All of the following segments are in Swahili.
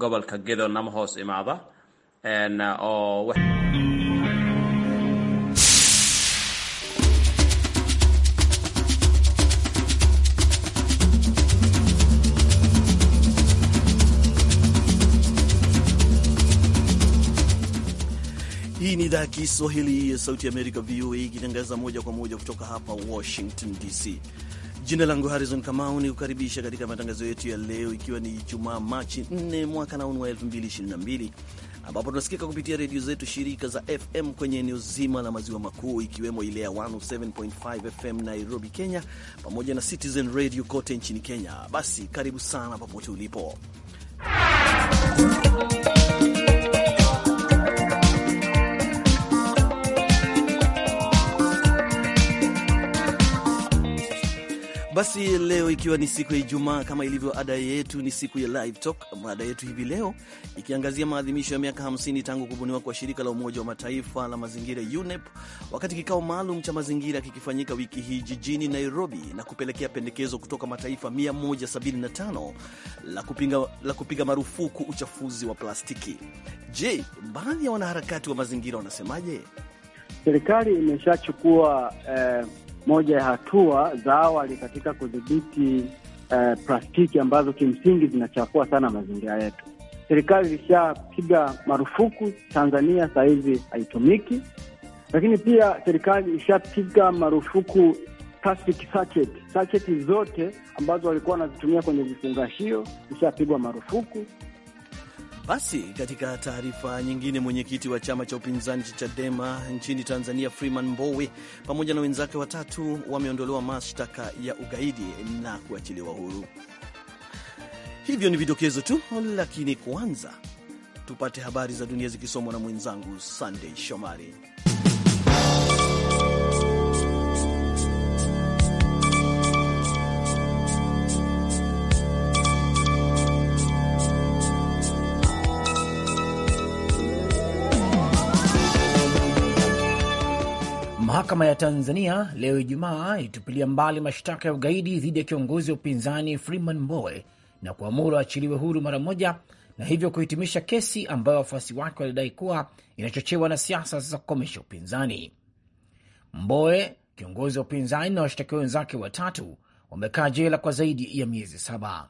gobolka Gedo nama hoos imaada uh, oo oh, Hii ni idhaa ya Kiswahili ya Sauti ya Amerika, VOA, ikitangaza moja kwa moja kutoka hapa Washington DC. Jina langu Harrison Kamau ni kukaribisha katika matangazo yetu ya leo, ikiwa ni Jumaa Machi 4 mwaka naun wa 2022 ambapo tunasikika kupitia redio zetu shirika za FM kwenye eneo zima la maziwa makuu ikiwemo ile ya 107.5 FM Nairobi, Kenya, pamoja na Citizen Radio kote nchini Kenya. Basi karibu sana popote ulipo Basi leo ikiwa ni siku ya Ijumaa, kama ilivyo ada yetu, ni siku ya live talk. Mada yetu hivi leo ikiangazia maadhimisho ya miaka 50 tangu kubuniwa kwa shirika la Umoja wa Mataifa la mazingira UNEP, wakati kikao maalum cha mazingira kikifanyika wiki hii jijini Nairobi na kupelekea pendekezo kutoka mataifa 175 la kupinga, la kupiga marufuku uchafuzi wa plastiki. Je, baadhi ya wanaharakati wa mazingira wanasemaje? Serikali imeshachukua eh moja ya hatua za awali katika kudhibiti eh, plastiki ambazo kimsingi zinachafua sana mazingira yetu. Serikali ilishapiga marufuku Tanzania, sahizi haitumiki, lakini pia serikali ishapiga marufuku plastic sachet. zote ambazo walikuwa wanazitumia kwenye vifungashio ishapigwa marufuku. Basi katika taarifa nyingine, mwenyekiti wa chama cha upinzani cha Chadema nchini Tanzania Freeman Mbowe pamoja na wenzake watatu wameondolewa mashtaka ya ugaidi na kuachiliwa huru. Hivyo ni vidokezo tu, lakini kwanza tupate habari za dunia zikisomwa na mwenzangu Sandey Shomari. Mahakama ya Tanzania leo Ijumaa ilitupilia mbali mashtaka ya ugaidi dhidi ya kiongozi wa upinzani Freeman Mbowe na kuamuru achiliwe huru mara moja na hivyo kuhitimisha kesi ambayo wafuasi wake walidai kuwa inachochewa na siasa za kukomesha upinzani. Mbowe, kiongozi wa upinzani, na washtakiwa wenzake watatu wamekaa jela kwa zaidi ya miezi saba.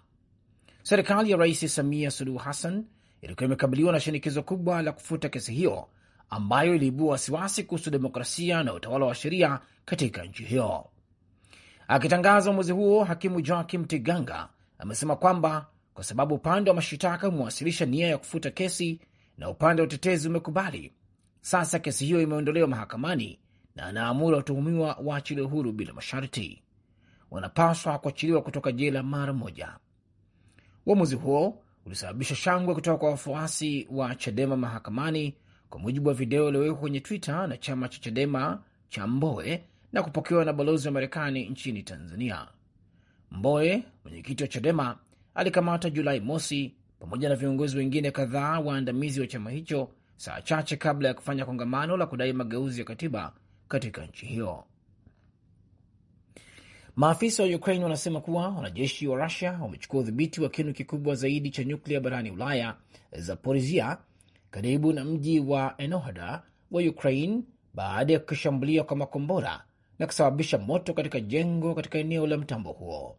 Serikali ya Rais Samia Suluhu Hassan ilikuwa imekabiliwa na shinikizo kubwa la kufuta kesi hiyo ambayo iliibua wasiwasi kuhusu demokrasia na utawala wa sheria katika nchi hiyo. Akitangaza uamuzi huo, hakimu Joakim Tiganga amesema kwamba kwa sababu upande wa mashitaka umewasilisha nia ya kufuta kesi na upande wa utetezi umekubali, sasa kesi hiyo imeondolewa mahakamani na anaamuru watuhumiwa waachiliwe huru bila masharti. Wanapaswa kuachiliwa kutoka jela mara moja. Uamuzi huo ulisababisha shangwe kutoka kwa wafuasi wa Chadema mahakamani kwa mujibu wa video iliyowekwa kwenye Twitter na chama cha Chadema cha Mboe na kupokewa na balozi wa Marekani nchini Tanzania. Mboe, mwenyekiti wa Chadema, alikamatwa Julai mosi pamoja na viongozi wengine kadhaa waandamizi wa chama hicho saa chache kabla ya kufanya kongamano la kudai mageuzi ya katiba katika nchi hiyo. Maafisa wa Ukraine wanasema kuwa wanajeshi wa Rusia wamechukua udhibiti wa kinu kikubwa zaidi cha nyuklia barani Ulaya, Zaporizhia, karibu na mji wa Enohda wa Ukraine baada ya kushambulia kwa makombora na kusababisha moto katika jengo katika eneo la mtambo huo.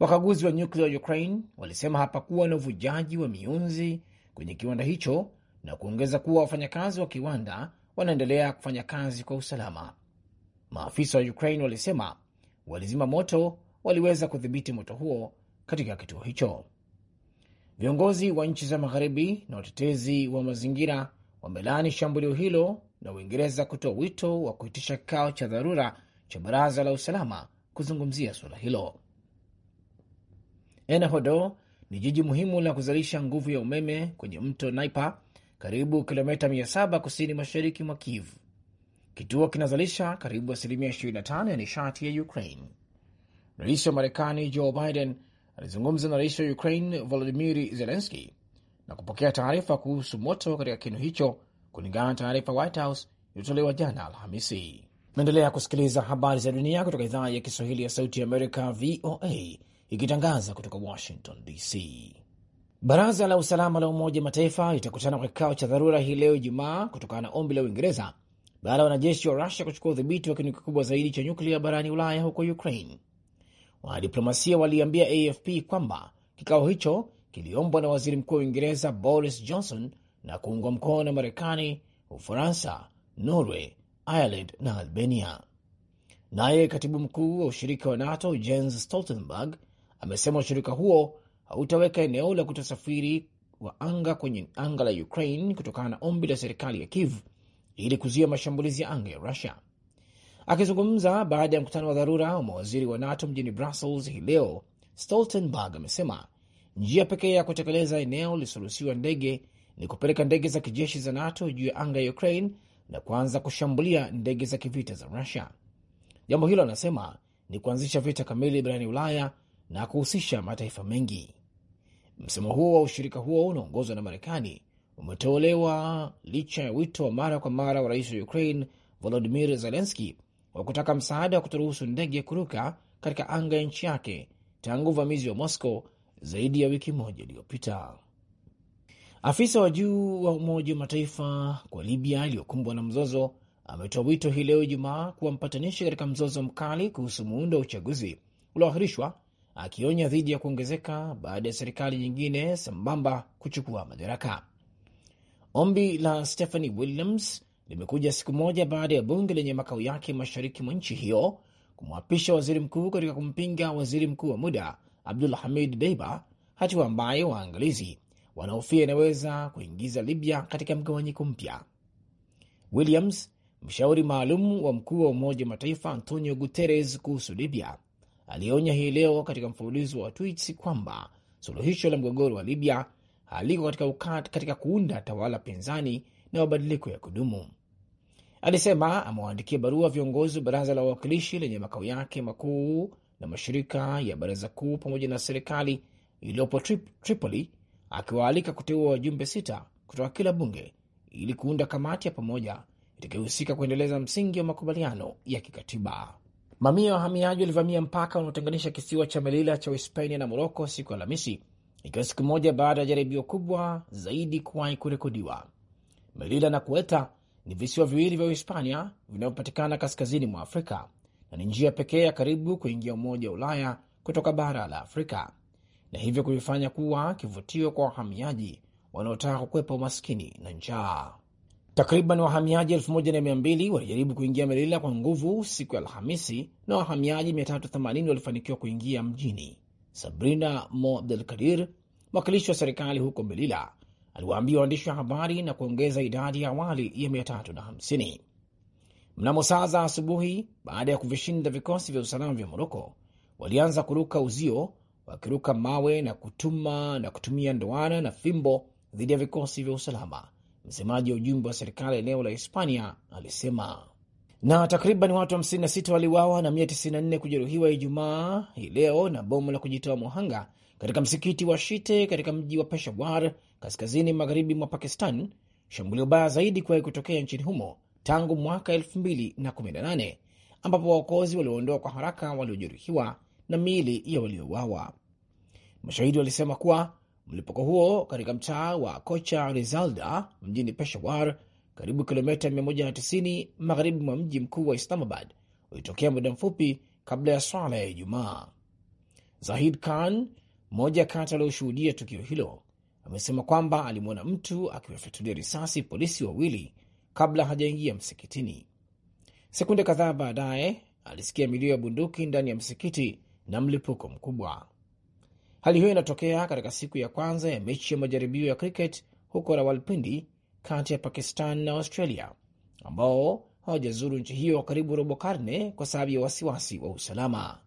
Wakaguzi wa nyuklia wa Ukraine walisema hapakuwa na uvujaji wa miunzi kwenye kiwanda hicho na kuongeza kuwa wafanyakazi wa kiwanda wanaendelea kufanya kazi kwa usalama. Maafisa wa Ukraine walisema walizima moto, waliweza kudhibiti moto huo katika kituo hicho. Viongozi wa nchi za magharibi na watetezi wa mazingira wamelaani shambulio hilo na Uingereza kutoa wito wa kuitisha kikao cha dharura cha baraza la usalama kuzungumzia suala hilo. Enhodo ni jiji muhimu la kuzalisha nguvu ya umeme kwenye mto Naipa, karibu kilomita 700 kusini mashariki mwa Kiev. Kituo kinazalisha karibu asilimia 25 ya nishati ya Ukraine. Rais wa Marekani Joe Biden alizungumza na rais wa Ukraine Volodimir Zelenski na kupokea taarifa kuhusu moto katika kinu hicho, kulingana na taarifa White House iliyotolewa jana Alhamisi. Naendelea kusikiliza habari za dunia kutoka idhaa ya Kiswahili ya Sauti ya Amerika, VOA, ikitangaza kutoka Washington DC. Baraza la Usalama la Umoja wa Mataifa litakutana kwa kikao cha dharura hii leo Ijumaa kutokana na ombi la Uingereza baada ya wanajeshi wa Rusia kuchukua udhibiti wa kinu kikubwa zaidi cha nyuklia barani Ulaya huko Ukraine. Wanadiplomasia waliambia AFP kwamba kikao hicho kiliombwa na waziri mkuu wa Uingereza Boris Johnson na kuungwa mkono na Marekani, Ufaransa, Norway, Ireland na Albania. Naye katibu mkuu wa ushirika wa NATO Jens Stoltenberg amesema ushirika huo hautaweka eneo la kutosafiri wa anga kwenye anga la Ukraine kutokana na ombi la serikali ya Kiev ili kuzuia mashambulizi ya anga ya Rusia. Akizungumza baada ya mkutano wa dharura wa mawaziri wa NATO mjini Brussels hii leo, Stoltenberg amesema njia pekee ya kutekeleza eneo lisiloruhusiwa ndege ni kupeleka ndege za kijeshi za NATO juu ya anga ya Ukraine na kuanza kushambulia ndege za kivita za Rusia. Jambo hilo, anasema, ni kuanzisha vita kamili barani Ulaya na kuhusisha mataifa mengi. Msemo huo wa ushirika huo unaongozwa na Marekani umetolewa licha ya wito wa mara kwa mara wa rais wa Ukraine Volodimir Zelenski wa kutaka msaada wa kutoruhusu ndege kuruka katika anga ya nchi yake tangu uvamizi wa Moscow zaidi ya wiki moja iliyopita. Afisa wa juu wa Umoja wa Mataifa kwa Libya iliyokumbwa na mzozo ametoa wito hii leo Ijumaa kuwa mpatanishi katika mzozo mkali kuhusu muundo wa uchaguzi ulioahirishwa, akionya dhidi ya kuongezeka baada ya serikali nyingine sambamba kuchukua madaraka. Ombi la Stephanie Williams limekuja siku moja baada ya bunge lenye makao yake mashariki mwa nchi hiyo kumwapisha waziri mkuu katika kumpinga waziri mkuu wa muda Abdul Hamid Deiba, hatua ambayo waangalizi wanahofia inaweza kuingiza Libya katika mgawanyiko mpya. Williams, mshauri maalum wa mkuu wa Umoja wa Mataifa Antonio Guterres kuhusu Libya, alionya hii leo katika mfululizo wa tweets kwamba suluhisho la mgogoro wa Libya haliko katika, katika kuunda tawala pinzani na mabadiliko ya kudumu. Alisema amewaandikia barua viongozi wa baraza la wawakilishi lenye makao yake makuu na mashirika ya baraza kuu pamoja na serikali iliyopo Trip Tripoli, akiwaalika kuteua wajumbe sita kutoka kila bunge ili kuunda kamati ya pamoja itakayohusika kuendeleza msingi wa makubaliano ya kikatiba. Mamia ya wahamiaji walivamia mpaka unaotenganisha kisiwa cha Melila cha Uhispania na Moroko siku ya Alhamisi, ikiwa siku moja baada ya jaribio kubwa zaidi kuwahi kurekodiwa. Melila na Kueta ni visiwa viwili vya Uhispania vinavyopatikana kaskazini mwa Afrika na ni njia pekee ya karibu kuingia Umoja wa Ulaya kutoka bara la Afrika na hivyo kuvifanya kuwa kivutio kwa wahamiaji wanaotaka kukwepa umaskini na njaa. Takriban wahamiaji 1200 walijaribu kuingia melila kwa nguvu siku ya Alhamisi na wahamiaji 380 walifanikiwa kuingia mjini. Sabrina Mo Del Kadir, mwakilishi wa serikali huko melila aliwaambia waandishi wa habari na kuongeza idadi ya awali ya 350. Mnamo saa za asubuhi, baada ya kuvishinda vikosi vya usalama vya Moroko, walianza kuruka uzio wakiruka mawe na kutuma na kutumia ndoana na fimbo dhidi ya vikosi vya usalama. Msemaji wa ujumbe wa serikali eneo la Hispania alisema. Na takriban watu 56 waliuawa na 194 kujeruhiwa Ijumaa hii leo na bomu la kujitoa muhanga katika msikiti wa Shite katika mji wa Peshawar, kaskazini magharibi mwa Pakistan, shambulio baya zaidi kuwahi kutokea nchini humo tangu mwaka 2018 ambapo waokozi walioondoa kwa haraka waliojeruhiwa na miili ya waliouawa. Mashahidi walisema kuwa mlipuko huo katika mtaa wa Kocha Rizalda mjini Peshawar, karibu kilomita 190 magharibi mwa mji mkuu wa Islamabad, ulitokea muda mfupi kabla ya swala ya Ijumaa. Zahid Khan, mmoja kati alioshuhudia tukio hilo amesema kwamba alimwona mtu akiwafyatulia risasi polisi wawili kabla hajaingia msikitini. Sekunde kadhaa baadaye alisikia milio ya bunduki ndani ya msikiti na mlipuko mkubwa. Hali hiyo inatokea katika siku ya kwanza ya mechi ya majaribio ya cricket huko Rawalpindi kati ya Pakistan na Australia ambao hawajazuru nchi hiyo karibu robo karne kwa sababu ya wasiwasi wa usalama.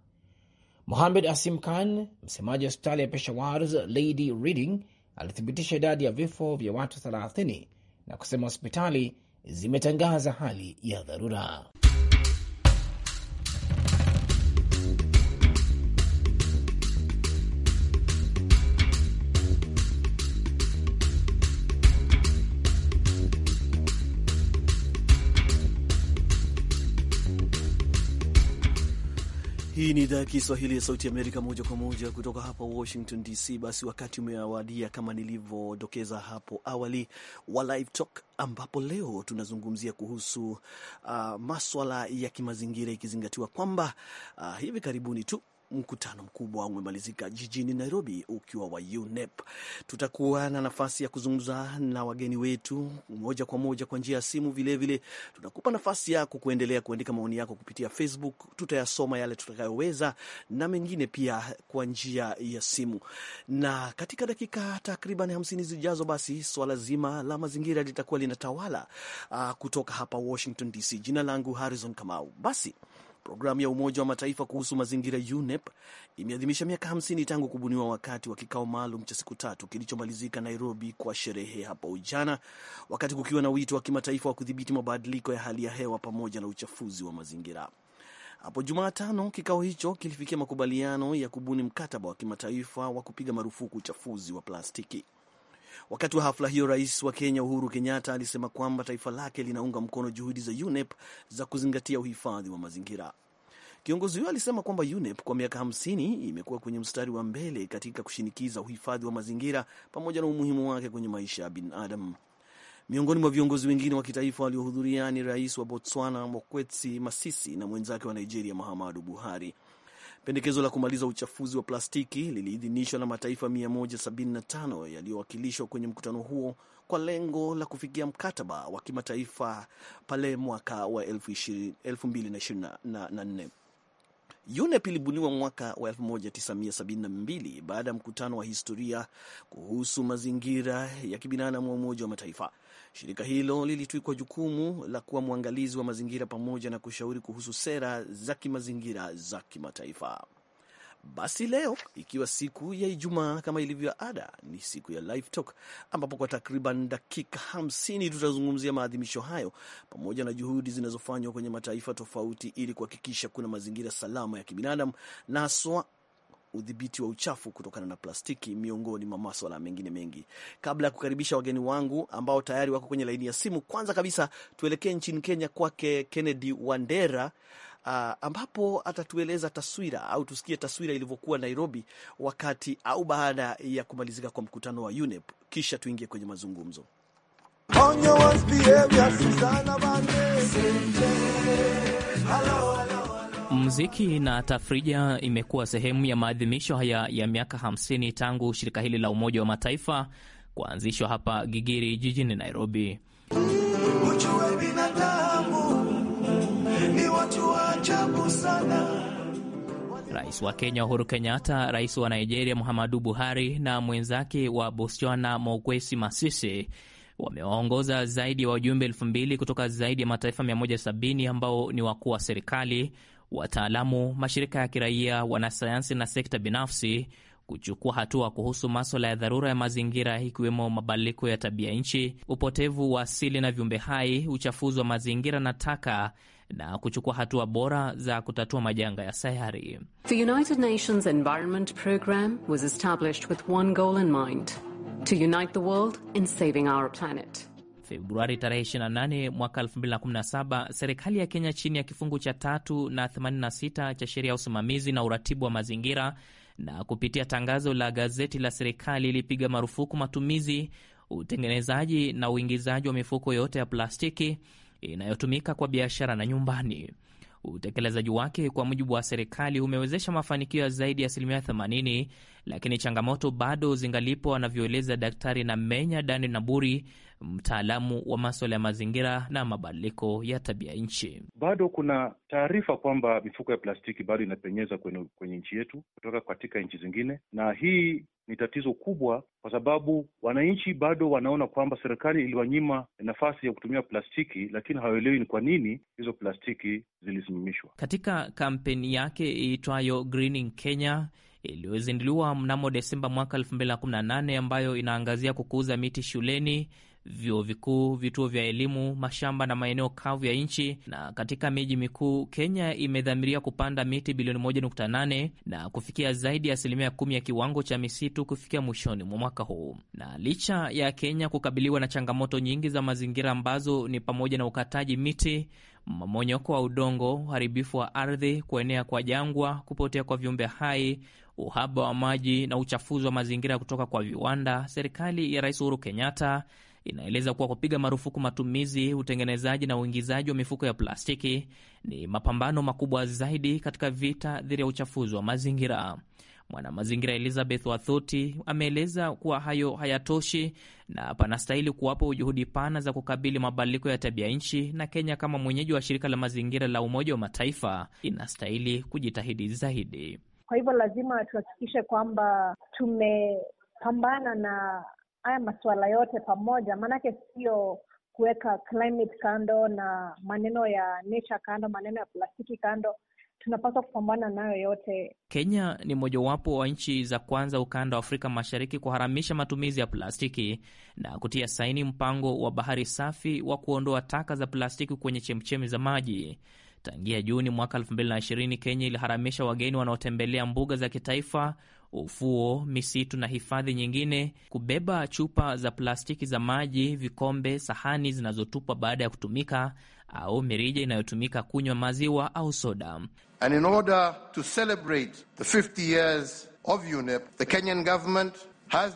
Mohamed Asim Khan, msemaji wa hospitali ya Peshawar Lady Reading, alithibitisha idadi ya vifo vya watu 30 na kusema hospitali zimetangaza hali ya dharura. Hii ni idhaa ya Kiswahili ya Sauti Amerika, moja kwa moja kutoka hapa Washington DC. Basi wakati umewadia, kama nilivyodokeza hapo awali, wa Live Talk, ambapo leo tunazungumzia kuhusu uh, maswala ya kimazingira, ikizingatiwa kwamba uh, hivi karibuni tu mkutano mkubwa umemalizika jijini Nairobi ukiwa wa UNEP. Tutakuwa na nafasi ya kuzungumza na wageni wetu moja kwa moja kwa njia ya simu. Vilevile tutakupa nafasi yako kuendelea kuandika maoni yako kupitia Facebook, tutayasoma yale tutakayoweza, na mengine pia kwa njia ya simu. Na katika dakika takriban hamsini zijazo, basi swala zima la mazingira litakuwa linatawala uh, kutoka hapa Washington DC. Jina langu Harrison Kamau. Basi Programu ya Umoja wa Mataifa kuhusu mazingira UNEP imeadhimisha miaka 50 tangu kubuniwa wakati wa kikao maalum cha siku tatu kilichomalizika Nairobi kwa sherehe hapo jana, wakati kukiwa na wito wa kimataifa wa kudhibiti mabadiliko ya hali ya hewa pamoja na uchafuzi wa mazingira. Hapo Jumatano, kikao hicho kilifikia makubaliano ya kubuni mkataba wa kimataifa wa kupiga marufuku uchafuzi wa plastiki. Wakati wa hafla hiyo, rais wa Kenya Uhuru Kenyatta alisema kwamba taifa lake linaunga mkono juhudi za UNEP za kuzingatia uhifadhi wa mazingira. Kiongozi huyo alisema kwamba UNEP kwa miaka 50 imekuwa kwenye mstari wa mbele katika kushinikiza uhifadhi wa mazingira pamoja na umuhimu wake kwenye maisha ya binadamu. Miongoni mwa viongozi wengine wa kitaifa waliohudhuria ni rais wa Botswana mokwetsi Masisi na mwenzake wa Nigeria Muhammadu Buhari. Pendekezo la kumaliza uchafuzi wa plastiki liliidhinishwa na mataifa 175 yaliyowakilishwa kwenye mkutano huo kwa lengo la kufikia mkataba wa kimataifa pale mwaka wa 2024. UNEP ilibuniwa mwaka wa 1972 baada ya mkutano wa historia kuhusu mazingira ya kibinadamu wa Umoja wa Mataifa. Shirika hilo lilitwikwa jukumu la kuwa mwangalizi wa mazingira pamoja na kushauri kuhusu sera za kimazingira za kimataifa. Basi leo ikiwa siku ya Ijumaa, kama ilivyo ada, ni siku ya Live Talk ambapo kwa takriban dakika hamsini tutazungumzia maadhimisho hayo pamoja na juhudi zinazofanywa kwenye mataifa tofauti ili kuhakikisha kuna mazingira salama ya kibinadamu na haswa udhibiti wa uchafu kutokana na plastiki, miongoni mwa maswala mengine mengi. Kabla ya kukaribisha wageni wangu ambao tayari wako kwenye laini ya simu, kwanza kabisa tuelekee nchini Kenya kwake Kennedy Wandera. Uh, ambapo atatueleza taswira au tusikie taswira ilivyokuwa Nairobi wakati au baada ya kumalizika kwa mkutano wa UNEP, kisha tuingie kwenye mazungumzo. Muziki na tafrija imekuwa sehemu ya maadhimisho haya ya miaka 50 tangu shirika hili la Umoja wa Mataifa kuanzishwa hapa Gigiri jijini Nairobi. binadamu ni watu wa ajabu sana. Rais wa Kenya Uhuru Kenyatta, rais wa Nigeria Muhammadu Buhari na mwenzake wa Botswana Mokgweetsi Masisi wamewaongoza zaidi ya wajumbe elfu mbili kutoka zaidi ya mataifa 170 ambao ni wakuu wa serikali wataalamu, mashirika ya kiraia, wanasayansi na sekta binafsi kuchukua hatua kuhusu maswala ya dharura ya mazingira ikiwemo mabadiliko ya tabia nchi, upotevu wa asili na viumbe hai, uchafuzi wa mazingira na taka na kuchukua hatua bora za kutatua majanga ya sayari. The United Nations Environment was established with one goal in mind, to unite the world in saving our planet. Februari tarehe 28 mwaka 2017 serikali ya Kenya chini ya kifungu cha tatu na 86 cha sheria ya usimamizi na uratibu wa mazingira na kupitia tangazo la gazeti la serikali ilipiga marufuku matumizi, utengenezaji na uingizaji wa mifuko yote ya plastiki inayotumika kwa biashara na nyumbani. Utekelezaji wake kwa mujibu wa serikali umewezesha mafanikio ya zaidi ya asilimia 80, lakini changamoto bado zingalipo, anavyoeleza Daktari na menya Dani Naburi, mtaalamu wa maswala ya mazingira na mabadiliko ya tabia nchi. Bado kuna taarifa kwamba mifuko ya plastiki bado inapenyeza kwenye, kwenye nchi yetu kutoka katika nchi zingine, na hii ni tatizo kubwa, kwa sababu wananchi bado wanaona kwamba serikali iliwanyima nafasi ya kutumia plastiki, lakini hawaelewi ni kwa nini hizo plastiki zilisimamishwa. Katika kampeni yake iitwayo Greening Kenya iliyozinduliwa mnamo Desemba mwaka 2018 ambayo inaangazia kukuza miti shuleni vyuo vikuu, vituo vya elimu, mashamba na maeneo kavu ya nchi. Na katika miji mikuu, Kenya imedhamiria kupanda miti bilioni 1.8 na kufikia zaidi ya asilimia kumi ya kiwango cha misitu kufikia mwishoni mwa mwaka huu. Na licha ya Kenya kukabiliwa na changamoto nyingi za mazingira ambazo ni pamoja na ukataji miti mmomonyoko wa udongo, uharibifu wa ardhi, kuenea kwa jangwa, kupotea kwa viumbe hai, uhaba wa maji na uchafuzi wa mazingira kutoka kwa viwanda, serikali ya Rais Uhuru Kenyatta inaeleza kuwa kupiga marufuku matumizi, utengenezaji na uingizaji wa mifuko ya plastiki ni mapambano makubwa zaidi katika vita dhidi ya uchafuzi wa mazingira. Mwanamazingira Elizabeth Wathuti ameeleza kuwa hayo hayatoshi na panastahili kuwapo juhudi pana za kukabili mabadiliko ya tabia nchi, na Kenya kama mwenyeji wa shirika la mazingira la Umoja wa Mataifa inastahili kujitahidi zaidi. Kwa hivyo lazima tuhakikishe kwamba tumepambana na haya masuala yote pamoja maanake sio kuweka climate kando na maneno ya nature kando maneno ya plastiki kando tunapaswa kupambana nayo yote. Kenya ni mojawapo wa nchi za kwanza ukanda wa Afrika Mashariki kuharamisha matumizi ya plastiki na kutia saini mpango wa bahari safi wa kuondoa taka za plastiki kwenye chemchemi za maji. Tangia Juni mwaka 2020 Kenya iliharamisha wageni wanaotembelea mbuga za kitaifa ufuo, misitu na hifadhi nyingine, kubeba chupa za plastiki za maji, vikombe, sahani zinazotupwa baada ya kutumika, au mirija inayotumika kunywa maziwa au soda. And in order to celebrate the 50 years of UNEP, the Kenyan government Rais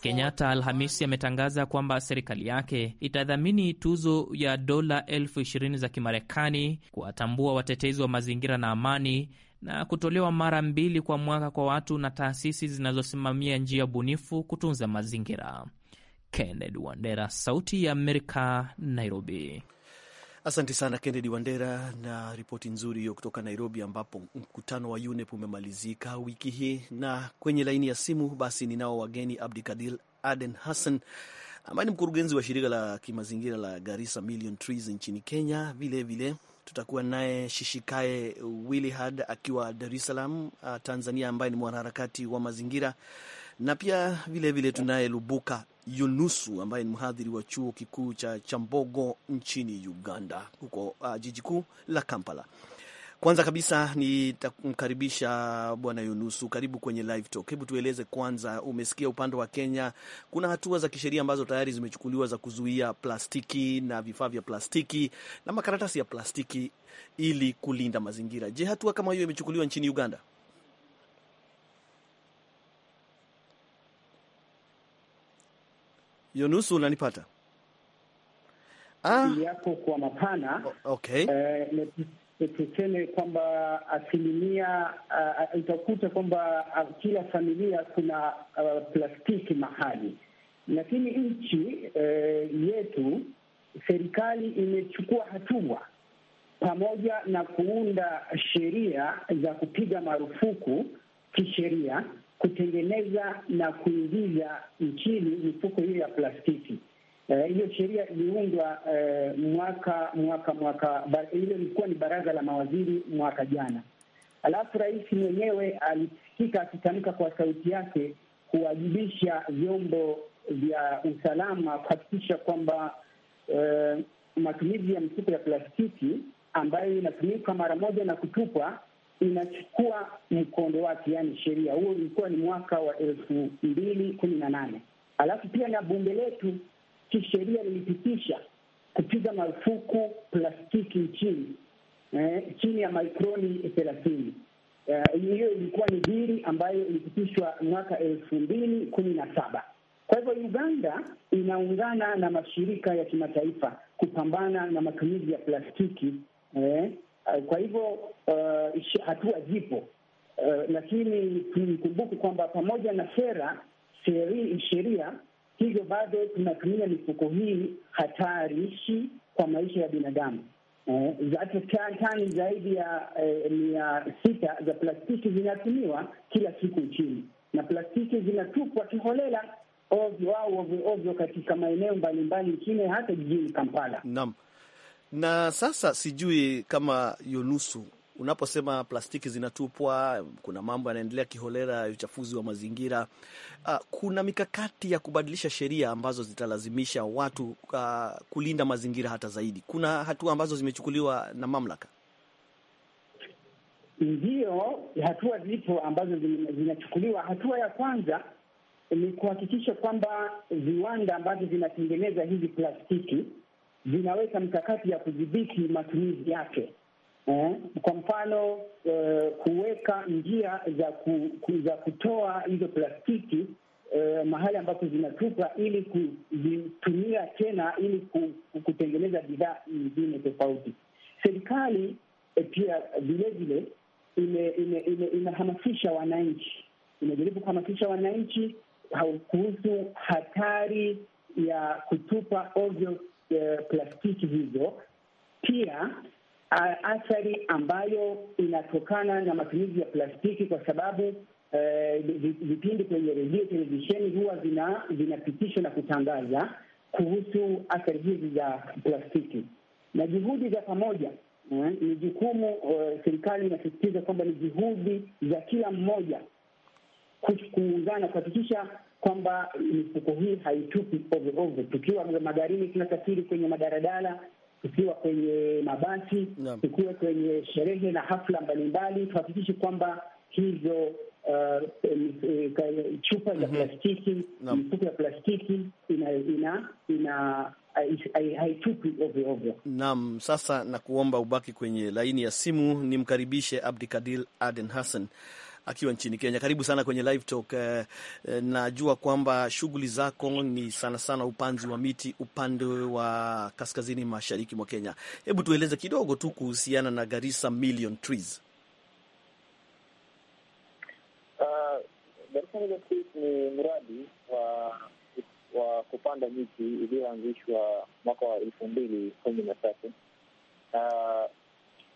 Kenyatta Alhamisi ametangaza kwamba serikali yake itadhamini tuzo ya dola elfu ishirini za Kimarekani kuwatambua watetezi wa mazingira na amani na kutolewa mara mbili kwa mwaka kwa watu na taasisi zinazosimamia njia bunifu kutunza mazingira. Kennedy Wandera, Sauti ya Amerika, Nairobi. Asante sana Kennedy Wandera na ripoti nzuri hiyo kutoka Nairobi, ambapo mkutano wa UNEP umemalizika wiki hii. Na kwenye laini ya simu basi ninao wageni Kadil Aden Hassan ambaye ni mkurugenzi wa shirika la kimazingira la Garissa Million Trees nchini Kenya, vilevile vile. Tutakuwa naye Shishikae Willihad akiwa Dar es Salaam, uh, Tanzania, ambaye ni mwanaharakati wa mazingira, na pia vilevile tunaye Lubuka Yunusu ambaye ni mhadhiri wa chuo kikuu cha Chambogo nchini Uganda, huko uh, jiji kuu la Kampala. Kwanza kabisa nitamkaribisha Bwana Yunusu, karibu kwenye Live Talk. Hebu tueleze kwanza, umesikia upande wa Kenya kuna hatua za kisheria ambazo tayari zimechukuliwa za kuzuia plastiki na vifaa vya plastiki na makaratasi ya plastiki ili kulinda mazingira. Je, hatua kama hiyo imechukuliwa nchini Uganda? Yunusu, unanipata? Ah, yako kwa mapana. Okay. Eh, tuseme kwamba asilimia uh, utakuta kwamba uh, kila familia kuna uh, plastiki mahali, lakini nchi uh, yetu serikali imechukua hatua pamoja na kuunda sheria za kupiga marufuku kisheria kutengeneza na kuingiza nchini mifuko hiyo ya plastiki. Eh, hiyo eh, sheria iliundwa eh, mwaka mwaka mwaka ile ilikuwa ni baraza la mawaziri mwaka jana. Alafu rais mwenyewe alisikika akitamka kwa sauti yake kuwajibisha vyombo vya usalama kuhakikisha kwamba eh, matumizi ya mifuko ya plastiki ambayo inatumika mara moja na kutupwa inachukua mkondo wake, yani sheria. Huo ulikuwa ni mwaka wa elfu mbili kumi na nane. Alafu pia na bunge letu kisheria lilipitisha kupiga marufuku plastiki nchini eh, chini ya mikroni thelathini. Eh, hiyo ilikuwa ni dili ambayo ilipitishwa mwaka elfu mbili kumi na saba. Kwa hivyo Uganda inaungana na mashirika ya kimataifa kupambana na matumizi ya plastiki eh, kwa hivyo uh, hatua zipo uh, lakini tukumbuke kwamba pamoja na sera sheria hivyo bado tunatumia mifuko hii hatarishi kwa maisha ya binadamu. Eh, hata eh, tani zaidi ya eh, mia sita za plastiki zinatumiwa kila siku nchini, na plastiki zinatupwa kiholela ovyo au ovyo ovyo katika maeneo mbalimbali nchini, hata jijini Kampala. Naam, na sasa sijui kama Yunusu unaposema plastiki zinatupwa, kuna mambo yanaendelea kiholela, uchafuzi wa mazingira. Uh, kuna mikakati ya kubadilisha sheria ambazo zitalazimisha watu uh, kulinda mazingira hata zaidi. Kuna hatua ambazo zimechukuliwa na mamlaka? Ndiyo, hatua zipo ambazo zinachukuliwa. Hatua ya kwanza ni kuhakikisha kwamba viwanda ambavyo vinatengeneza hizi plastiki vinaweka mikakati ya kudhibiti matumizi yake eh, kwa mfano eh, kuweka njia za, ku, ku, za kutoa hizo plastiki eh, mahali ambapo zinatupa ili kuzitumia tena ili kutengeneza bidhaa nyingine tofauti. Serikali eh, pia vilevile imehamasisha wananchi, imejaribu kuhamasisha wananchi kuhusu hatari ya kutupa ovyo eh, plastiki hizo pia athari ambayo inatokana na matumizi ya plastiki, kwa sababu eh, vipindi uh, kwenye redio, televisheni huwa vinapitishwa na kutangaza kuhusu athari hizi za plastiki na juhudi za pamoja uh, ni jukumu uh, serikali inasisitiza kwamba ni juhudi za kila mmoja kuungana kuhakikisha kwamba mifuko hii haitupi ovyo Tukiwa magarini, tunasafiri kwenye madaradala tukiwa kwenye mabasi, tukiwa kwenye sherehe na hafla mbalimbali, tuhakikishe kwamba hizo Uh, chupa za mhm. plastiki, mifuko ya plastiki ina ina, ina haitupi ovyoovyo nam Naam, sasa na kuomba ubaki kwenye laini ya simu, nimkaribishe abdikadil Aden Hassan akiwa nchini Kenya. Karibu sana kwenye Live Talk. Eh, eh, najua kwamba shughuli zako ni sana sana upanzi wa miti upande wa kaskazini mashariki mwa Kenya. Hebu tueleze kidogo tu kuhusiana na Garissa Million Trees. Uh, Garissa Million Trees ni mradi wa wa kupanda miti iliyoanzishwa mwaka wa elfu mbili kumi na tatu. Uh,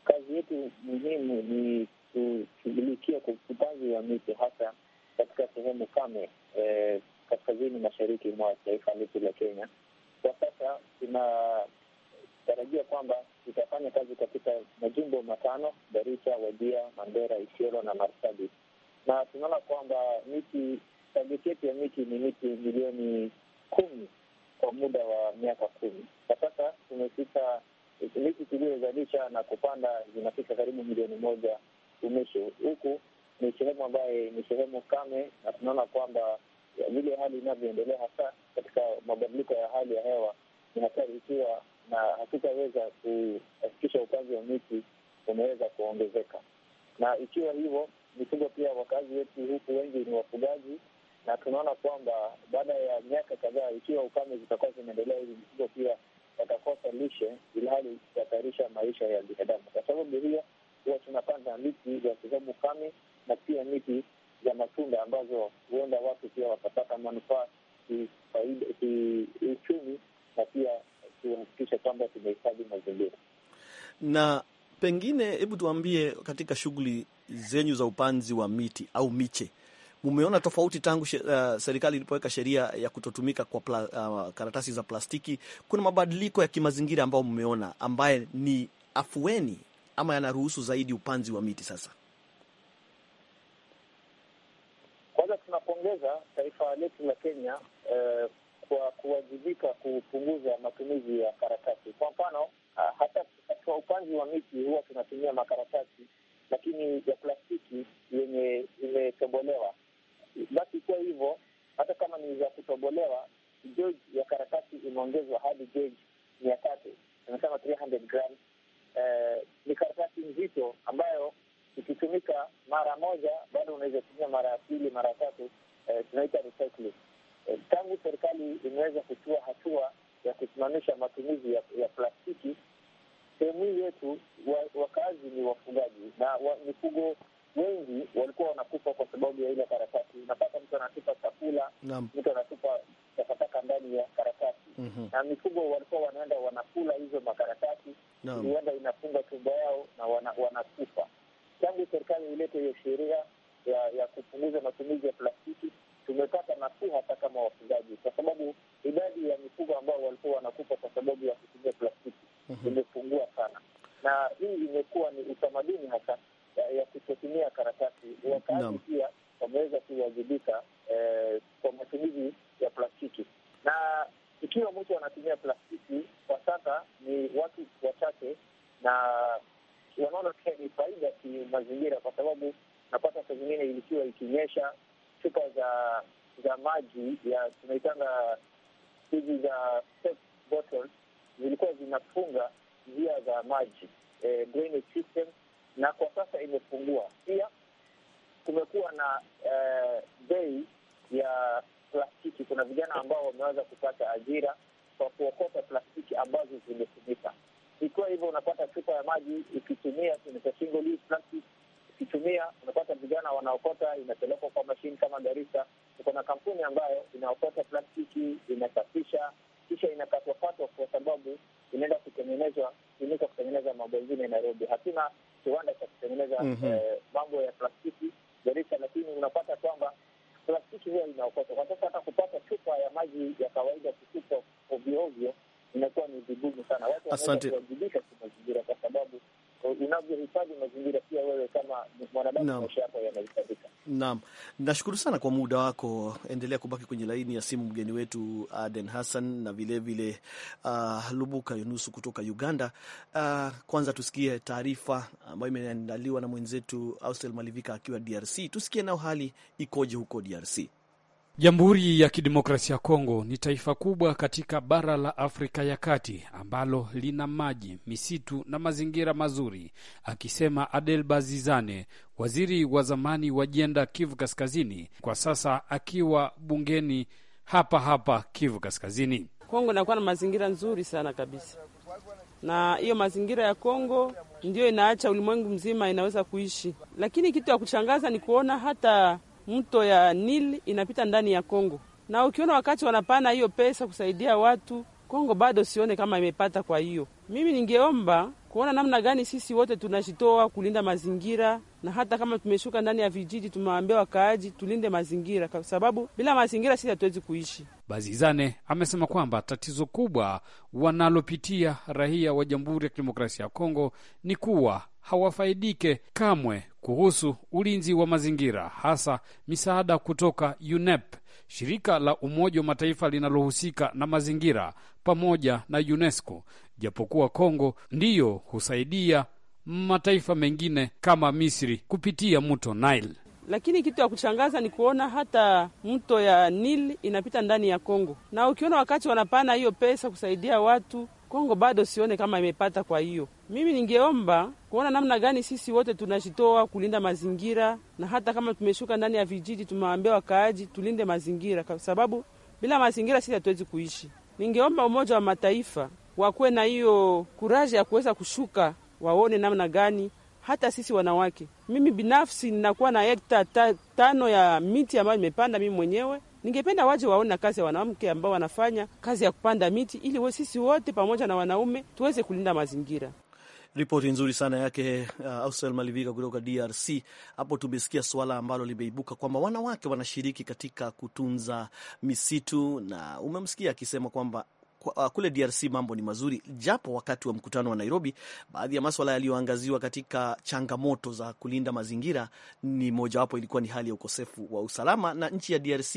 kazi yetu muhimu ni kushughulikia kwa upanzi wa miti hasa katika sehemu kame e, kaskazini mashariki mwa taifa letu la Kenya. Kwa sasa tunatarajia kwamba tutafanya kazi katika majimbo matano: Garissa, Wajia, Mandera, Isiolo na Marsabit, na tunaona kwamba miti tageti yetu ya miti ni miti milioni kumi kwa muda wa miaka kumi. Kwa sasa tumefika miti tuliyozalisha na kupanda zinafika karibu milioni moja Umisho. Huku ni sehemu ambaye ni sehemu kame, na tunaona kwamba vile hali inavyoendelea, hasa katika mabadiliko ya hali ya hewa, ni hatari ikiwa na hatutaweza kuhakikisha upanzi wa miti umeweza kuongezeka. Na ikiwa hivyo, mifugo pia, wakazi wetu huku wengi ni wafugaji, na tunaona kwamba baada ya miaka kadhaa, ikiwa ukame zitakuwa zinaendelea hivi, mifugo pia watakosa lishe, ilhali itahatarisha maisha ya binadamu. Kwa sababu hiyo tunapanda miti za sehemu kame na pia miti za matunda ambazo huenda watu pia watapata manufaa kiuchumi na pia kuhakikisha kwamba tumehifadhi mazingira. Na pengine, hebu tuambie, katika shughuli zenyu za upanzi wa miti au miche, mumeona tofauti tangu uh, serikali ilipoweka sheria ya kutotumika kwa pla, uh, karatasi za plastiki? Kuna mabadiliko ya kimazingira ambayo mmeona, ambaye ni afueni ama yanaruhusu zaidi upanzi wa miti sasa? Kwanza tunapongeza taifa letu la Kenya eh, kwa kuwajibika kupunguza matumizi ya karatasi. Kwa mfano, ah, hata katika upanzi wa miti huwa tunatumia makaratasi lakini ya plastiki yenye imetobolewa. Basi kwa hivyo hata kama ni za kutobolewa, george ya karatasi imeongezwa hadi george mia tatu, tunasema 300 grams Eh, ni karatasi nzito ambayo ikitumika mara moja bado unaweza tumia mara ya pili, mara ya tatu, eh, tunaita recycling. Eh, tangu serikali imeweza kutua hatua ya kusimamisha matumizi ya, ya plastiki, sehemu hii yetu wakazi ni wafugaji na mifugo wengi walikuwa wanakufa kwa sababu ya ile karatasi. Unapata mtu anatupa chakula, mtu anatupa takataka ndani ya karatasi mm -hmm. na mifugo walikuwa wanaenda wanakula hizo makaratasi Huenda inafunga tumbo yao na wana, wanakufa. Tangu serikali ilete hiyo sheria ya, ya kupunguza matumizi ya plastiki tumepata nafuu hata kama wafugaji, kwa sababu idadi ya mifugo ambao walikuwa wanakufa kwa sababu ya kutumia plastiki mhm. imepungua mm -hmm. sana, na hii imekuwa ni utamaduni hasa asante kwa sababu unavyohifadhi mazingira pia wewe kama mwanadamu maisha yako Naam, nashukuru sana kwa muda wako. Endelea kubaki kwenye laini ya simu, mgeni wetu uh, Aden Hassan na vilevile uh, Lubuka Yunusu kutoka Uganda. Uh, kwanza tusikie taarifa ambayo imeandaliwa na mwenzetu Austel Malivika akiwa DRC. Tusikie nao hali ikoje huko DRC. Jamhuri ya Kidemokrasia ya Kongo ni taifa kubwa katika bara la Afrika ya Kati ambalo lina maji, misitu na mazingira mazuri, akisema Adel Bazizane, waziri wa zamani wa jenda Kivu Kaskazini, kwa sasa akiwa bungeni hapa hapa Kivu Kaskazini. Kongo inakuwa na mazingira nzuri sana kabisa, na hiyo mazingira ya Kongo ndiyo inaacha ulimwengu mzima inaweza kuishi, lakini kitu ya kushangaza ni kuona hata mto ya nil inapita ndani ya Kongo, na ukiona wakati wanapana hiyo pesa kusaidia watu Kongo, bado sione kama imepata. Kwa hiyo mimi ningeomba kuona namna gani sisi wote tunajitoa kulinda mazingira, na hata kama tumeshuka ndani ya vijiji, tumewaambia wakaaji tulinde mazingira, kwa sababu bila mazingira sisi hatuwezi kuishi. Bazizane amesema kwamba tatizo kubwa wanalopitia raia wa Jamhuri ya Kidemokrasia ya Kongo ni kuwa hawafaidike kamwe kuhusu ulinzi wa mazingira, hasa misaada kutoka UNEP, shirika la Umoja wa Mataifa linalohusika na mazingira, pamoja na UNESCO, japokuwa Kongo ndiyo husaidia mataifa mengine kama Misri kupitia mto Nile. Lakini kitu ya kushangaza ni kuona hata mto ya Nil inapita ndani ya Kongo, na ukiona wakati wanapana hiyo pesa kusaidia watu Kongo bado sione kama imepata. Kwa hiyo mimi ningeomba kuona namna gani sisi wote tunajitoa kulinda mazingira, na hata kama tumeshuka ndani ya vijiji, tumewaambia wakaaji tulinde mazingira, kwa sababu bila mazingira sisi hatuwezi kuishi. Ningeomba Umoja wa Mataifa wakuwe na hiyo kuraji ya kuweza kushuka, waone namna gani hata sisi wanawake. Mimi binafsi ninakuwa na hekta tano ya miti ambayo nimepanda mimi mwenyewe Ningependa waje waona kazi ya wanawake ambao wanafanya kazi ya kupanda miti, ili sisi wote pamoja na wanaume tuweze kulinda mazingira. Ripoti nzuri sana yake uh, Ausel Malivika kutoka DRC. Hapo tumesikia suala ambalo limeibuka kwamba wanawake wanashiriki katika kutunza misitu, na umemsikia akisema kwamba Uh, kule DRC mambo ni mazuri, japo wakati wa mkutano wa Nairobi baadhi ya maswala yaliyoangaziwa katika changamoto za kulinda mazingira ni mojawapo ilikuwa ni hali ya ukosefu wa usalama, na nchi ya DRC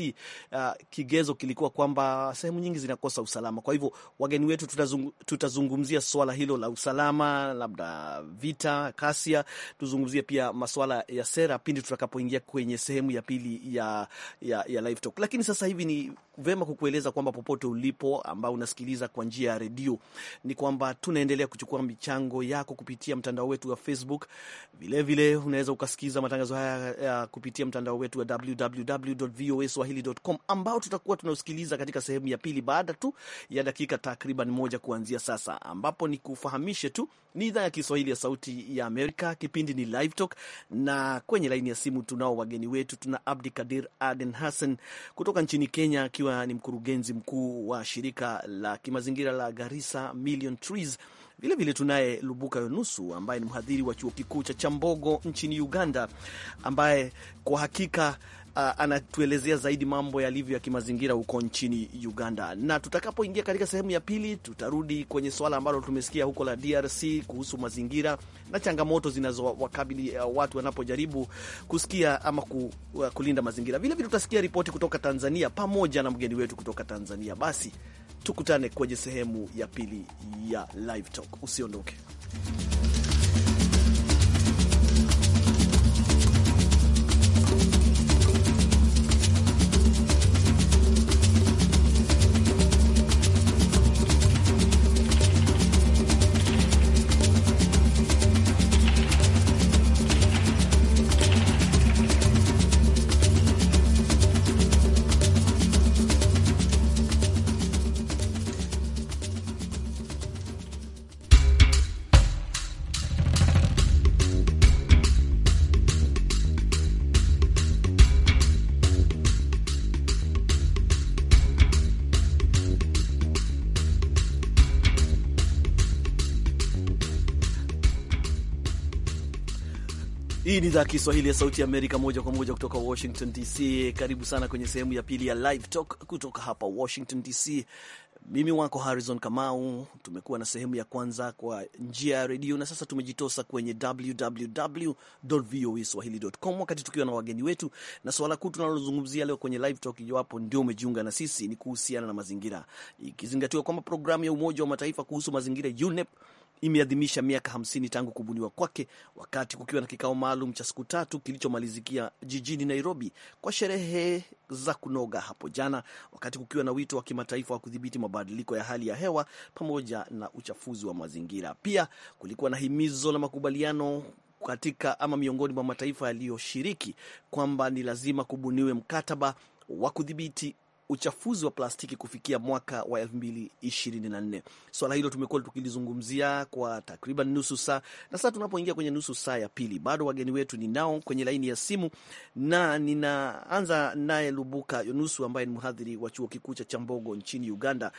uh, kigezo kilikuwa kwamba sehemu nyingi zinakosa usalama. Kwa hivyo wageni wetu tutazung, tutazungumzia swala hilo la usalama, labda vita, kasia. Tuzungumzie pia maswala ya sera pindi tutakapoingia kwenye sehemu ya pili ya, ya, ya live talk. Lakini sasa hivi ni vema kukueleza kwamba popote ulipo ambao unasikiliza kwa njia ya redio, ni kwamba tunaendelea kuchukua michango yako kupitia mtandao wetu wa Facebook. Vilevile unaweza ukasikiza matangazo haya ya kupitia mtandao wetu wa www.voaswahili.com ambao tutakuwa tunausikiliza katika sehemu ya pili baada tu ya dakika takriban moja kuanzia sasa, ambapo ni kufahamishe tu ni idhaa ya Kiswahili ya Sauti ya Amerika. Kipindi ni Live Talk na kwenye laini ya simu tunao wageni wetu. Tuna Abdi Kadir Aden Hassan kutoka nchini Kenya, akiwa ni mkurugenzi mkuu wa shirika la kimazingira la Garissa Million Trees. Vilevile tunaye Lubuka Yonusu ambaye ni mhadhiri wa chuo kikuu cha Chambogo nchini Uganda, ambaye kwa hakika Uh, anatuelezea zaidi mambo yalivyo ya kimazingira huko nchini Uganda, na tutakapoingia katika sehemu ya pili tutarudi kwenye swala ambalo tumesikia huko la DRC kuhusu mazingira na changamoto zinazowakabili uh, watu wanapojaribu kusikia ama ku, uh, kulinda mazingira. Vilevile tutasikia ripoti kutoka Tanzania pamoja na mgeni wetu kutoka Tanzania. Basi tukutane kwenye sehemu ya pili ya Live Talk. Usiondoke. Hii ni idhaa ya Kiswahili ya Sauti ya Amerika, moja kwa moja kutoka Washington DC. Karibu sana kwenye sehemu ya pili ya Live Talk kutoka hapa Washington DC. Mimi wako Harrison Kamau. Tumekuwa na sehemu ya kwanza kwa njia ya redio na sasa tumejitosa kwenye www.voaswahili.com, wakati tukiwa na wageni wetu, na swala kuu tunalozungumzia leo kwenye live talk, iwapo ndio umejiunga na sisi, ni kuhusiana na mazingira, ikizingatiwa kwamba programu ya Umoja wa Mataifa kuhusu mazingira UNEP imeadhimisha miaka hamsini tangu kubuniwa kwake, wakati kukiwa na kikao maalum cha siku tatu kilichomalizikia jijini Nairobi kwa sherehe za kunoga hapo jana, wakati kukiwa na wito wa kimataifa wa kudhibiti mabadiliko ya hali ya hewa pamoja na uchafuzi wa mazingira. Pia kulikuwa na himizo la makubaliano katika ama miongoni mwa mataifa yaliyoshiriki kwamba ni lazima kubuniwe mkataba wa kudhibiti uchafuzi wa plastiki kufikia mwaka wa 2024. Swala hilo tumekuwa tukilizungumzia kwa takriban nusu saa, na sasa tunapoingia kwenye nusu saa ya pili, bado wageni wetu ninao kwenye laini ya simu, na ninaanza naye Lubuka Yunusu ambaye ni mhadhiri wa chuo kikuu cha Chambogo nchini Uganda.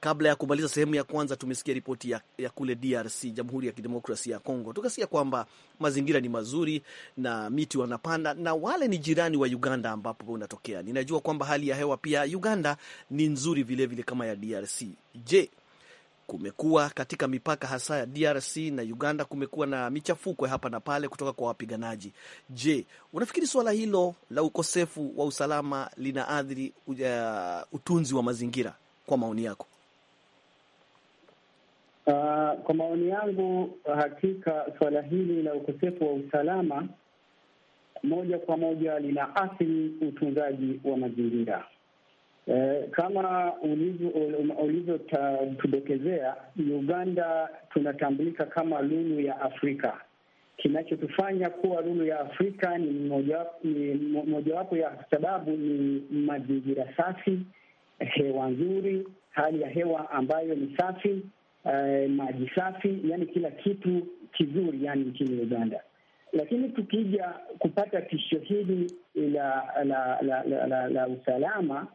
Kabla ya kumaliza sehemu ya kwanza, tumesikia ripoti ya, ya kule DRC, Jamhuri ya Kidemokrasia ya Kongo. Tukasikia kwamba mazingira ni mazuri na miti wanapanda, na wale ni jirani wa Uganda ambapo unatokea. Ninajua kwamba hali ya hewa pia Uganda ni nzuri vilevile vile kama ya DRC. Je, kumekuwa katika mipaka hasa ya DRC na Uganda, kumekuwa na michafuko hapa na pale kutoka kwa wapiganaji. Je, unafikiri suala hilo la ukosefu wa usalama linaathiri uh, utunzi wa mazingira kwa maoni yako? Uh, kwa maoni yangu hakika suala hili la ukosefu wa usalama moja kwa moja lina athiri utunzaji wa mazingira. Eh, kama ulivyotudokezea, Uganda tunatambulika kama lulu ya Afrika. Kinachotufanya kuwa lulu ya Afrika ni mojawapo moja ya sababu ni mazingira safi, hewa nzuri, hali ya hewa ambayo ni safi eh, maji safi, yani kila kitu kizuri, yani nchini Uganda. Lakini tukija kupata tishio hili la la, la, la, la la usalama,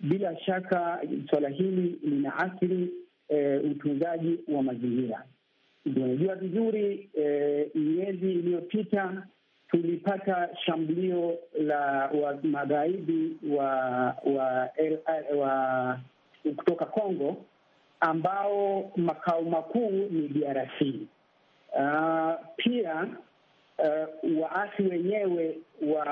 bila shaka swala hili lina athiri uh, utunzaji wa mazingira. Unajua vizuri eh, miezi iliyopita tulipata shambulio la wa magaidi wa, wa, wa, wa kutoka Kongo ambao makao makuu ni DRC. Uh, ah, pia uh, waasi wenyewe wa,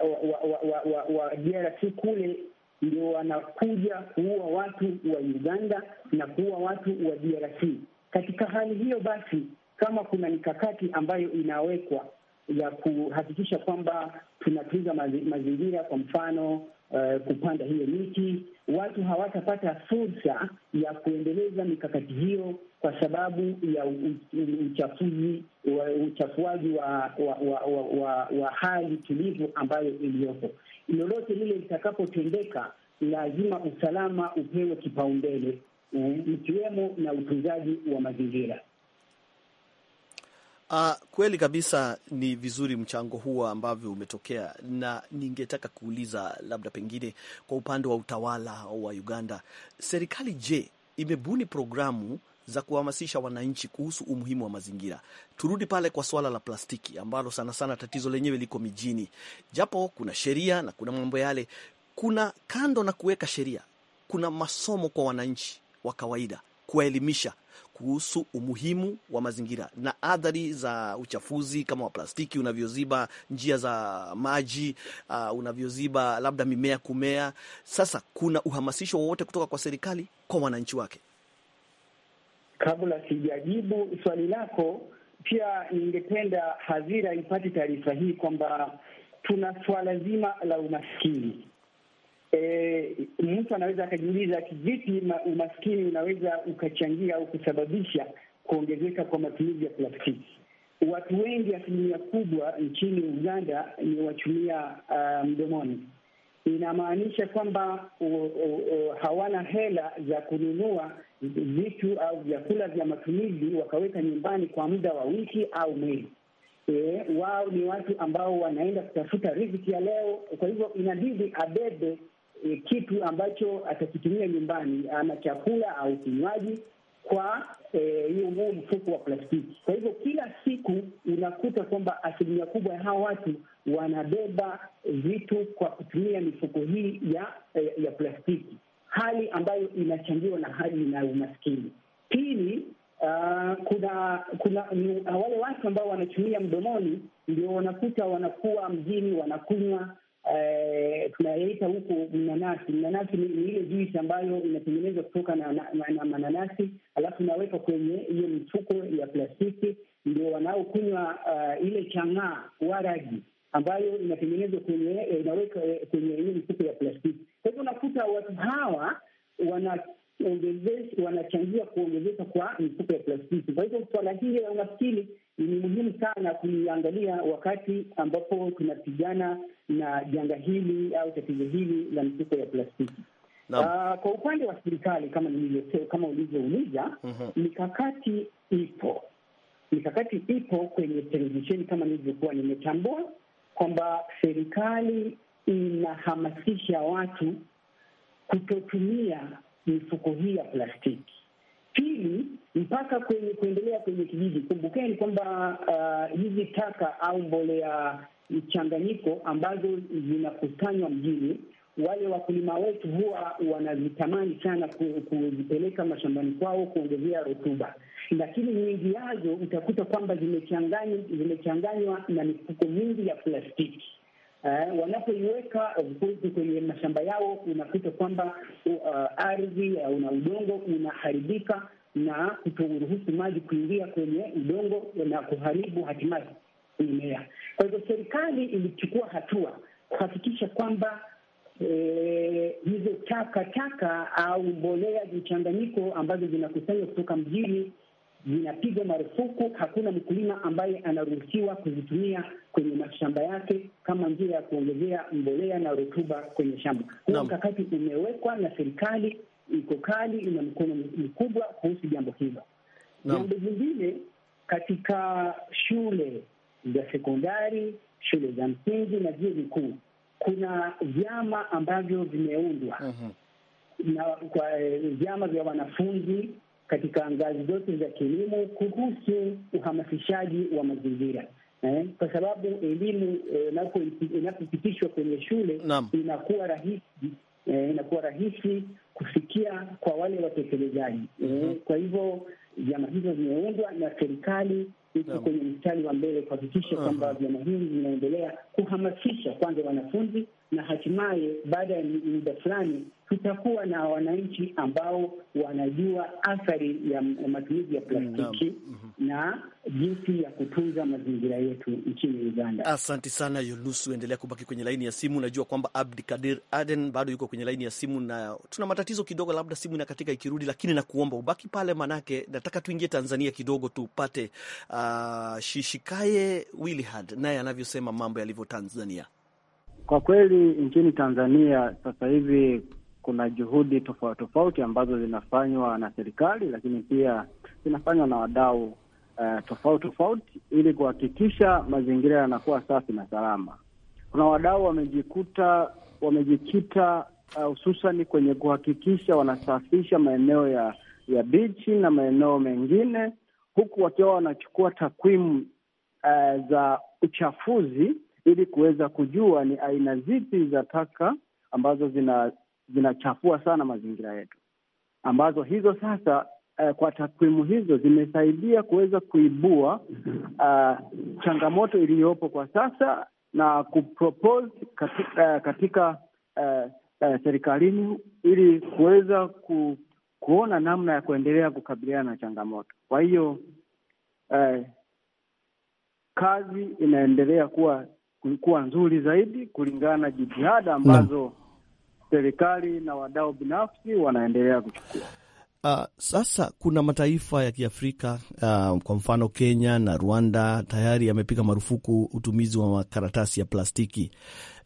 wa, wa, wa, wa, wa DRC kule ndio wanakuja kuua watu wa Uganda na kuua watu wa DRC. Katika hali hiyo basi, kama kuna mikakati ambayo inawekwa ya kuhakikisha kwamba tunatunza mazingira, kwa mfano uh, kupanda hiyo miti, watu hawatapata fursa ya kuendeleza mikakati hiyo kwa sababu ya uchafuzi uchafuaji wa, wa, wa, wa, wa, wa hali tulivu ambayo iliyopo. Lolote lile litakapotendeka, lazima usalama upewe kipaumbele ikiwemo na utunzaji wa mazingira. Uh, kweli kabisa ni vizuri mchango huo ambavyo umetokea, na ningetaka kuuliza labda pengine kwa upande wa utawala wa Uganda, serikali je, imebuni programu za kuhamasisha wananchi kuhusu umuhimu wa mazingira. Turudi pale kwa swala la plastiki ambalo sana sana tatizo lenyewe liko mijini, japo kuna sheria na kuna mambo yale. Kuna kando na kuweka sheria, kuna masomo kwa wananchi wa kawaida kuwaelimisha kuhusu umuhimu wa mazingira na athari za uchafuzi kama wa plastiki unavyoziba njia za maji, uh, unavyoziba labda mimea kumea. Sasa kuna uhamasisho wowote kutoka kwa serikali kwa wananchi wake? Kabla sijajibu swali lako, pia ningependa hadhira ipate taarifa hii kwamba tuna swala zima la umaskini e, mtu anaweza akajiuliza kivipi umaskini unaweza ukachangia au kusababisha kuongezeka kwa matumizi ya plastiki. Watu wengi, asilimia kubwa nchini Uganda ni wachumia uh, mdomoni. Inamaanisha kwamba hawana hela za kununua vitu au vyakula vya matumizi wakaweka nyumbani kwa muda wa wiki au mwezi. E, wao ni watu ambao wanaenda kutafuta riziki ya leo. Kwa hivyo inabidi abebe e, kitu ambacho atakitumia nyumbani ama chakula au kinywaji kwa hiyo e, mfuko wa plastiki. Kwa hivyo kila siku unakuta kwamba asilimia kubwa ya hawa watu wanabeba vitu kwa kutumia mifuko hii ya e, ya plastiki, hali ambayo inachangiwa na hali na umaskini. Pili, uh, kuna kuna wale watu ambao wanatumia mdomoni, ndio wanakuta wanakuwa mjini wanakunywa eh, tunayaita huku mnanasi. Mnanasi ni ile juisi ambayo inatengenezwa kutoka na, na, na, na mananasi, alafu inawekwa kwenye hiyo mifuko ya plastiki, ndio wanaokunywa uh, ile chang'aa waragi ambayo inatengenezwa kwenye eh, inaweka eh, kwenye hiyo mifuko ya plastiki. Kwa hivyo unakuta watu hawa wana wanachangia kuongezeka kwa mifuko ya plastiki. Kwa hivyo swala hili la umaskini ni muhimu sana kuliangalia wakati ambapo tunapigana na janga hili au tatizo hili la mifuko ya plastiki. No. Uh, ah, kwa upande wa serikali kama nilivyo, kama ulivyouliza, mhm. mikakati mm -hmm. ipo mikakati ipo kwenye televisheni kama nilivyokuwa nimetambua kwamba serikali inahamasisha watu kutotumia mifuko hii ya plastiki. Pili, mpaka kwenye kuendelea kwenye kijiji, kumbukeni kwamba uh, hizi taka au mbolea mchanganyiko ambazo zinakusanywa mjini, wale wakulima wetu huwa wanazitamani sana kuzipeleka mashambani kwao kuongezea rutuba, lakini nyingi yazo utakuta kwamba zimechanganywa na mifuko mingi ya plastiki uh, wanapoiweka kwenye mashamba yao, unakuta kwamba uh, ardhi au uh, na udongo unaharibika na kutoruhusu maji kuingia kwenye udongo na kuharibu hatimaye mimea. Kwa hivyo serikali ilichukua hatua kuhakikisha kwamba eh, hizo taka taka au mbolea zichanganyiko ambazo zinakusanywa kutoka mjini zinapigwa marufuku. Hakuna mkulima ambaye anaruhusiwa kuzitumia kwenye mashamba yake kama njia ya kuongezea mbolea na rutuba kwenye shamba. Huu mkakati umewekwa na serikali, iko kali, ina mkono mkubwa kuhusu jambo hilo. Jambo jingine, katika shule za sekondari, shule za msingi na vyuo vikuu kuna vyama ambavyo vimeundwa uh mhm. -huh. na kwa eh, vyama vya wanafunzi katika ngazi zote za kilimo kuhusu uhamasishaji wa mazingira eh, kwa sababu elimu eh, inapopitishwa kwenye shule Naam. inakuwa rahisi eh, inakuwa rahisi kufikia kwa wale watekelezaji eh, mm -hmm. kwa hivyo vyama hivyo vimeundwa na serikali iko kwenye mstari wa mbele kuhakikisha kwamba vyama hivi vinaendelea kuhamasisha kwanza wanafunzi na hatimaye baada ya muda fulani tutakuwa na wananchi ambao wanajua athari ya matumizi ya plastiki mm -hmm. na jinsi ya kutunza mazingira yetu nchini Uganda. Asante sana Yunusu, endelea kubaki kwenye laini ya simu. Najua kwamba Abdi Kadir Aden bado yuko kwenye laini ya simu, na tuna matatizo kidogo, labda simu inakatika ikirudi, lakini nakuomba ubaki pale, manake nataka tuingie Tanzania kidogo tupate uh, Shishikaye Willihad naye anavyosema mambo yalivyo Tanzania. Kwa kweli nchini Tanzania sasa hivi kuna juhudi tofauti tofauti ambazo zinafanywa na serikali, lakini pia zinafanywa na wadau uh, tofauti tofauti ili kuhakikisha mazingira yanakuwa safi na salama. Kuna wadau wamejikuta wamejikita eh, hususani uh, kwenye kuhakikisha wanasafisha maeneo ya ya bichi na maeneo mengine, huku wakiwa wanachukua takwimu uh, za uchafuzi ili kuweza kujua ni aina zipi za taka ambazo zina zinachafua sana mazingira yetu, ambazo hizo sasa uh, kwa takwimu hizo zimesaidia kuweza kuibua uh, changamoto iliyopo kwa sasa na kupropose katika, uh, katika uh, uh, serikalini ili kuweza ku, kuona namna ya kuendelea kukabiliana na changamoto. Kwa hiyo uh, kazi inaendelea kuwa kulikuwa nzuri zaidi kulingana na jitihada ambazo serikali na wadau binafsi wanaendelea kuchukua. Uh, sasa kuna mataifa ya Kiafrika uh, kwa mfano Kenya na Rwanda tayari yamepiga marufuku utumizi wa makaratasi ya plastiki,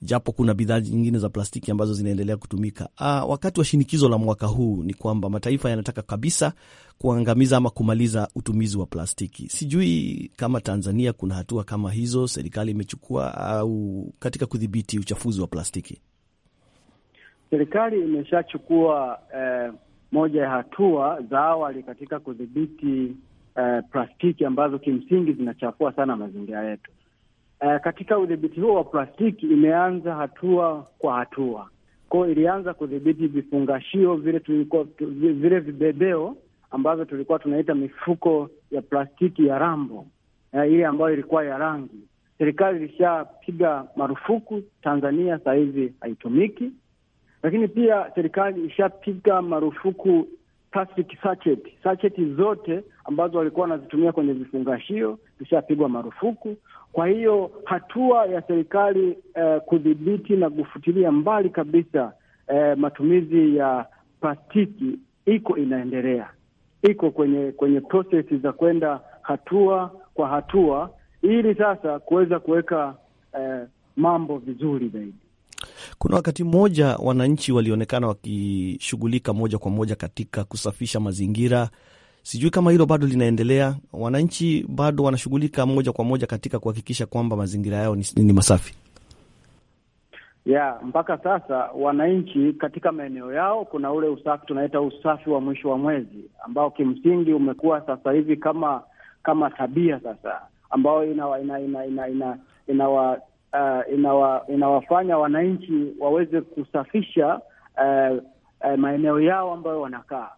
japo kuna bidhaa nyingine za plastiki ambazo zinaendelea kutumika. Uh, wakati wa shinikizo la mwaka huu ni kwamba mataifa yanataka kabisa kuangamiza ama kumaliza utumizi wa plastiki. Sijui kama Tanzania kuna hatua kama hizo serikali imechukua au katika kudhibiti uchafuzi wa plastiki. Serikali imeshachukua eh moja ya hatua za awali katika kudhibiti eh, plastiki ambazo kimsingi zinachafua sana mazingira yetu. Eh, katika udhibiti huo wa plastiki imeanza hatua kwa hatua kwao, ilianza kudhibiti vifungashio vile tulikuwa vile vibebeo ambavyo tulikuwa tunaita mifuko ya plastiki ya rambo eh, ile ambayo ilikuwa ya rangi. Serikali ilishapiga marufuku Tanzania, sahizi haitumiki lakini pia serikali ishapiga marufuku plastic sachet. Sachet zote ambazo walikuwa wanazitumia kwenye vifungashio zishapigwa marufuku. Kwa hiyo hatua ya serikali eh, kudhibiti na kufutilia mbali kabisa eh, matumizi ya plastiki iko inaendelea, iko kwenye kwenye prosesi za kwenda hatua kwa hatua, ili sasa kuweza kuweka eh, mambo vizuri zaidi. Kuna wakati mmoja wananchi walionekana wakishughulika moja kwa moja katika kusafisha mazingira. Sijui kama hilo bado linaendelea. Wananchi bado wanashughulika moja kwa moja katika kuhakikisha kwamba mazingira yao ni, ni masafi ya yeah. Mpaka sasa wananchi katika maeneo yao kuna ule usafi tunaita usafi wa mwisho wa mwezi ambao kimsingi umekuwa sasa hivi kama kama tabia sasa ambayo inawatenganisha ina, ina, ina, ina, uh, inawa, inawafanya wananchi waweze kusafisha uh, uh, maeneo yao ambayo wanakaa,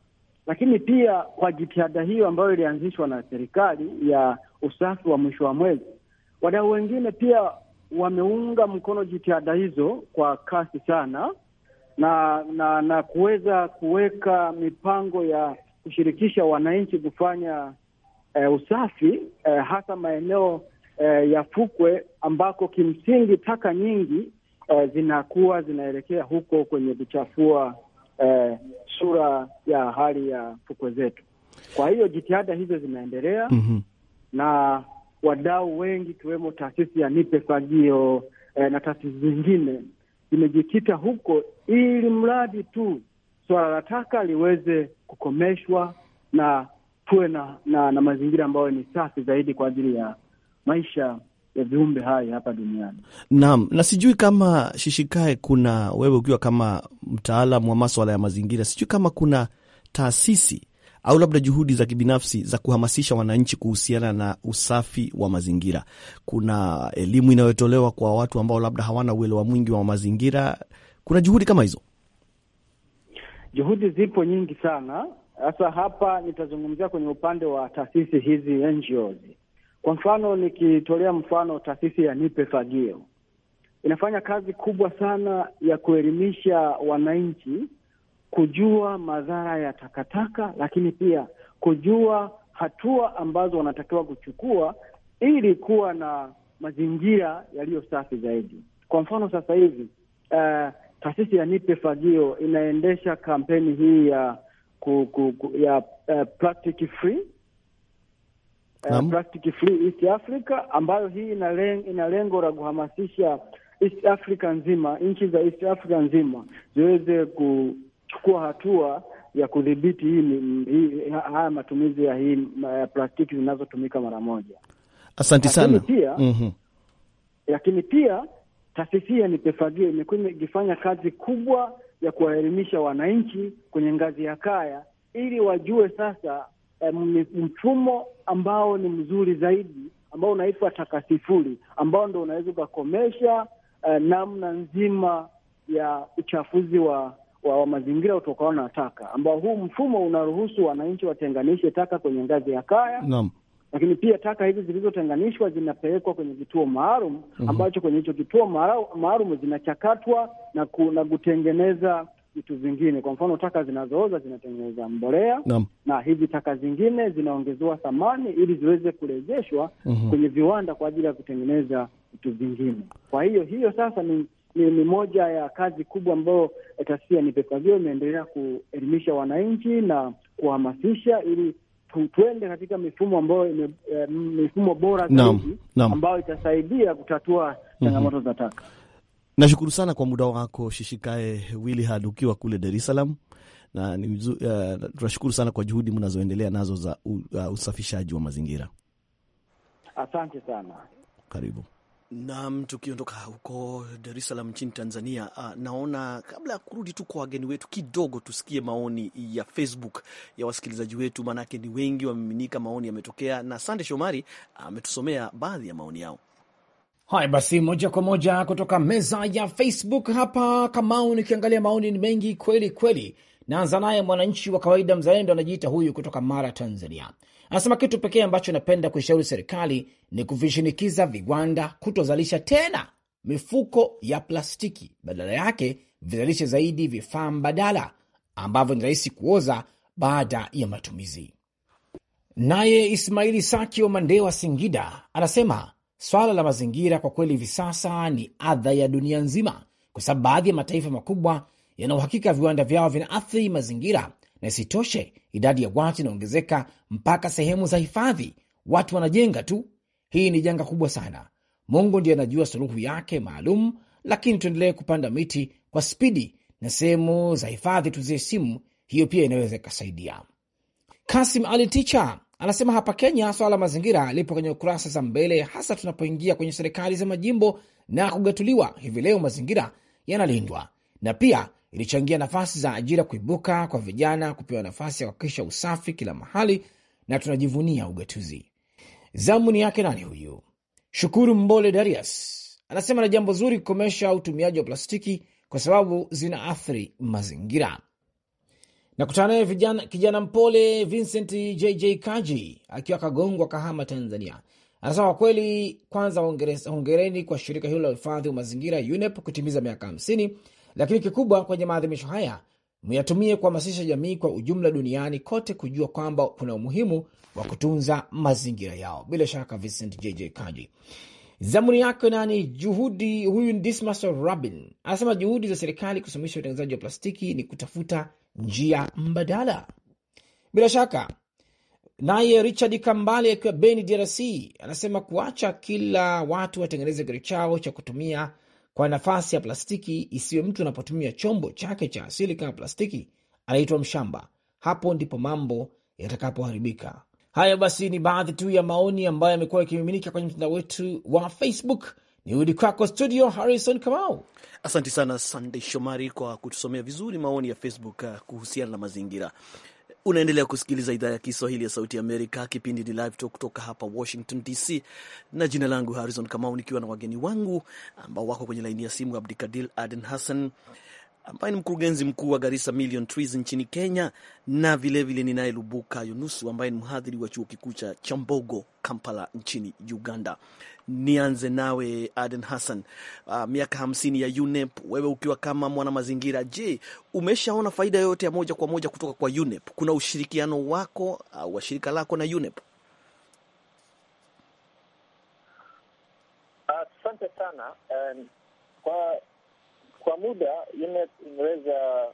lakini pia kwa jitihada hiyo ambayo ilianzishwa na serikali ya usafi wa mwisho wa mwezi, wadau wengine pia wameunga mkono jitihada hizo kwa kasi sana na na, na kuweza kuweka mipango ya kushirikisha wananchi kufanya eh, usafi eh, hasa maeneo eh, ya fukwe ambako kimsingi taka nyingi eh, zinakuwa zinaelekea huko kwenye kuchafua eh, sura ya hali ya fukwe zetu. Kwa hiyo jitihada hizo zinaendelea mm -hmm. na wadau wengi ikiwemo taasisi ya Nipe Fagio eh, na taasisi zingine zimejikita huko, ili mradi tu swala la taka liweze kukomeshwa na tuwe na, na, na mazingira ambayo ni safi zaidi kwa ajili ya maisha ya viumbe hai hapa duniani. Naam, na sijui kama Shishikae, kuna wewe ukiwa kama mtaalam wa maswala ya mazingira, sijui kama kuna taasisi au labda juhudi za kibinafsi za kuhamasisha wananchi kuhusiana na usafi wa mazingira. Kuna elimu inayotolewa kwa watu ambao labda hawana uelewa mwingi wa mazingira. Kuna juhudi kama hizo? Juhudi zipo nyingi sana. Sasa hapa nitazungumzia kwenye upande wa taasisi hizi NGOs. Kwa mfano nikitolea mfano taasisi ya Nipe Fagio inafanya kazi kubwa sana ya kuelimisha wananchi kujua madhara ya takataka, lakini pia kujua hatua ambazo wanatakiwa kuchukua ili kuwa na mazingira yaliyo safi zaidi. Kwa mfano sasa hivi uh, taasisi ya Nipe Fagio inaendesha kampeni hii ya ku, ku, ku, ya uh, plastic free uh, Plastic Free East Africa ambayo hii ina ina lengo la kuhamasisha East Africa nzima, nchi za East Africa nzima ziweze kuchukua hatua ya kudhibiti hii haya matumizi ya hii ya plastiki zinazotumika mara moja. Asante sana. Pia mm -hmm. Lakini pia taasisi ya Nipefagio imekuwa ikifanya kazi kubwa ya kuwaelimisha wananchi kwenye ngazi ya kaya ili wajue sasa mfumo ambao ni mzuri zaidi, ambao unaitwa taka sifuri, ambao ndo unaweza ukakomesha uh, namna nzima ya uchafuzi wa wa, wa mazingira utokao na taka, ambao huu mfumo unaruhusu wananchi watenganishe taka kwenye ngazi ya kaya. Naam. Lakini pia taka hizi zilizotenganishwa zinapelekwa kwenye kituo maalum mhm. ambacho kwenye hicho kituo maalum zinachakatwa na kutengeneza vitu vingine. Kwa mfano, taka zinazooza zinatengeneza mbolea na, na hizi taka zingine zinaongezewa thamani ili ziweze kurejeshwa mm -hmm. kwenye viwanda kwa ajili ya kutengeneza vitu vingine. Kwa hiyo hiyo sasa ni ni, ni moja ya kazi kubwa ambayo taasisi ya NPPKAVIO imeendelea kuelimisha wananchi na kuhamasisha ili tu, tuende katika mifumo ambayo ime, eh, mifumo bora zaidi ambayo itasaidia kutatua mhm. changamoto mm -hmm. za taka. Nashukuru sana kwa muda wako Shishikae Wilihad, ukiwa kule Dar es Salaam na eh, tunashukuru uh, sana kwa juhudi mnazoendelea nazo za uh, usafishaji wa mazingira. Asante sana, karibu nam. Tukiondoka huko Dar es Salaam nchini Tanzania, uh, naona kabla ya kurudi tu kwa wageni wetu kidogo, tusikie maoni ya Facebook ya wasikilizaji wetu, maanake ni wengi wamemiminika, maoni yametokea, na Sande Shomari ametusomea uh, baadhi ya maoni yao. Haya basi, moja kwa moja kutoka meza ya Facebook hapa Kamau, nikiangalia maoni ni mengi kweli kweli. Naanza naye mwananchi wa kawaida mzalendo, anajiita huyu kutoka Mara, Tanzania, anasema kitu pekee ambacho napenda kuishauri serikali ni kuvishinikiza viwanda kutozalisha tena mifuko ya plastiki, badala yake vizalishe zaidi vifaa mbadala ambavyo ni rahisi kuoza baada ya matumizi. Naye Ismaili Saki wa Mandewa, Singida, anasema swala la mazingira kwa kweli hivi sasa ni adha ya dunia nzima, kwa sababu baadhi ya mataifa makubwa yana uhakika viwanda vyao vinaathiri mazingira, na isitoshe idadi ya watu inaongezeka mpaka sehemu za hifadhi watu wanajenga tu. Hii ni janga kubwa sana. Mungu ndiye anajua suluhu yake maalum, lakini tuendelee kupanda miti kwa spidi na sehemu za hifadhi tuzie simu, hiyo pia inaweza ikasaidia. Kasim Ali Anasema hapa Kenya swala la mazingira lipo kwenye kurasa za mbele, hasa tunapoingia kwenye serikali za majimbo na kugatuliwa. Hivi leo mazingira yanalindwa, na pia ilichangia nafasi za ajira kuibuka kwa vijana, kupewa nafasi ya kuhakikisha usafi kila mahali, na tunajivunia ugatuzi. Zamu ni yake nani huyu? Shukuru Mbole Darius anasema na jambo zuri kukomesha utumiaji wa plastiki kwa sababu zinaathiri mazingira. Nakutana naye kijana mpole Vincent JJ Kaji akiwa Kagongwa, Kahama, Tanzania. Anasema kwa kweli, kwanza hongereni kwa shirika hilo la uhifadhi wa mazingira UNEP kutimiza miaka hamsini, lakini kikubwa kwenye maadhimisho haya myatumie kuhamasisha jamii kwa ujumla duniani kote kujua kwamba kuna umuhimu wa kutunza mazingira yao. Bila shaka, Vincent JJ Kaji, zamuni yako nani juhudi. Huyu Dismas Robin anasema juhudi za serikali kusimamisha utengenezaji wa plastiki ni kutafuta njia mbadala. Bila shaka naye Richard Kambale akiwa Beni, DRC, anasema kuacha kila watu watengeneze gari chao cha kutumia kwa nafasi ya plastiki isiwe. Mtu anapotumia chombo chake cha asili kama plastiki anaitwa mshamba. Hapo ndipo mambo yatakapoharibika. Hayo basi ni baadhi tu ya maoni ambayo yamekuwa yakimiminika kwenye mtandao wetu wa Facebook. Nirudi kwako studio, Harrison Kamau. Asante sana Sandey Shomari kwa kutusomea vizuri maoni ya Facebook uh, kuhusiana na mazingira. Unaendelea kusikiliza idhaa ya Kiswahili ya Sauti Amerika. Kipindi ni Live Talk kutoka hapa Washington DC, na jina langu Harrison Kamau, nikiwa na wageni wangu ambao wako kwenye laini ya simu, abdikadil Aden Hassan ambaye ni mkurugenzi mkuu wa Garissa Million Trees nchini Kenya, na vilevile ninaye Lubuka Yunusu ambaye ni mhadhiri wa chuo kikuu cha Chambogo Kampala nchini Uganda. Nianze nawe Aden Hassan, uh, miaka hamsini ya UNEP, wewe ukiwa kama mwanamazingira, je, umeshaona faida yoyote ya moja kwa moja kutoka kwa UNEP? Kuna ushirikiano wako au uh, wa shirika lako na UNEP? Asante uh, sana um, kwa kwa muda UNEP imeweza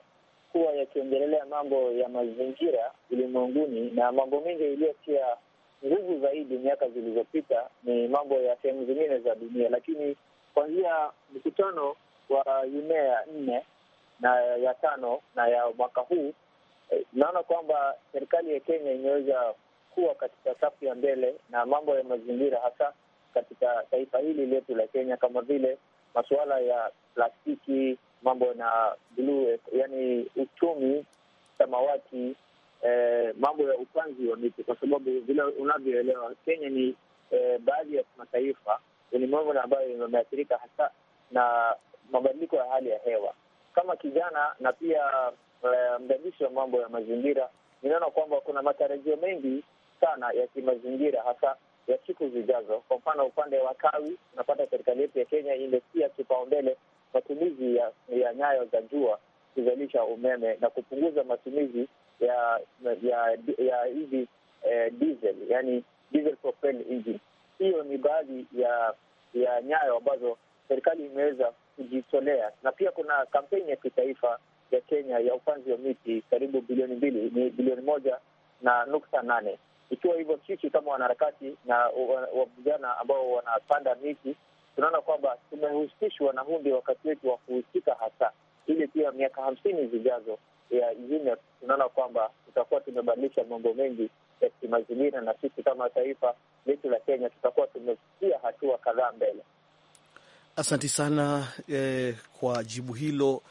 kuwa yakiongelelea mambo ya mazingira ulimwenguni, na mambo mengi iliyotia nguvu zaidi miaka zilizopita ni mambo ya sehemu zingine za dunia, lakini kuanzia mkutano wa UNEA ya nne na ya tano na ya mwaka huu eh, naona kwamba serikali ya Kenya imeweza kuwa katika safu ya mbele na mambo ya mazingira, hasa katika taifa hili letu la Kenya, kama vile masuala ya plastiki, mambo na blue, yani uchumi samawati, eh, mambo ya upanzi wa miti, kwa sababu vile unavyoelewa Kenya ni eh, baadhi ya mataifa ulimwenguni ambayo yameathirika hasa na mabadiliko ya hali ya hewa. Kama kijana na pia eh, mdadisi wa mambo ya mazingira, ninaona kwamba kuna matarajio mengi sana ya kimazingira hasa ya siku zijazo. Kwa mfano, upande wa kawi, unapata serikali yetu ya Kenya imetia kipaumbele matumizi ya, ya nyayo za jua kuzalisha umeme na kupunguza matumizi ya ya ya hizi eh, diesel, yani diesel engine. Hiyo ni baadhi ya ya nyayo ambazo serikali imeweza kujitolea, na pia kuna kampeni ya kitaifa ya Kenya ya upanzi wa miti karibu bilioni mbili, ni bilioni moja na nukta nane ikiwa hivyo, sisi kama wanaharakati na vijana ambao wanapanda miti tunaona kwamba tumehusishwa na huu ndio wakati wetu wa kuhusika hasa, ili pia miaka hamsini zijazo ya UNEP tunaona kwamba tutakuwa tumebadilisha mambo mengi ya kimazingira, na sisi kama taifa letu la Kenya tutakuwa tumefikia hatua kadhaa mbele. Asanti sana eh, kwa jibu hilo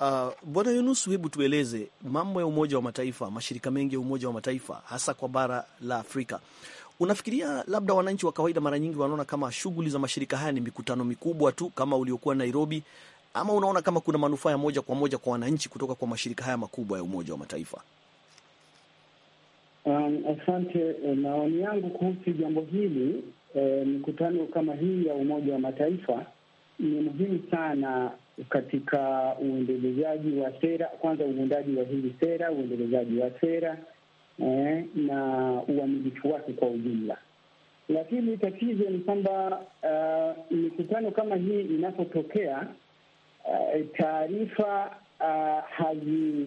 Uh, Bwana hebu tueleze mambo ya Umoja wa Mataifa, mashirika mengi ya Umoja wa Mataifa hasa kwa bara la Afrika. Unafikiria labda wananchi wa kawaida mara nyingi wanaona kama shughuli za mashirika haya ni mikutano mikubwa tu kama uliokuwa Nairobi, ama unaona kama kuna manufaa ya moja kwa moja kwa wananchi kutoka kwa mashirika haya makubwa ya Umoja wa Mataifa? Um, asante. Eh, maoni yangu kuhusu jambo hili, eh, mikutano um, kama hii ya Umoja wa Mataifa ni muhimu sana katika uendelezaji wa sera, kwanza uundaji wa hizi sera, uendelezaji wa sera eh, na uamilifu wake kwa ujumla. Lakini tatizo ni kwamba uh, mikutano kama hii inapotokea, uh, taarifa uh, hazi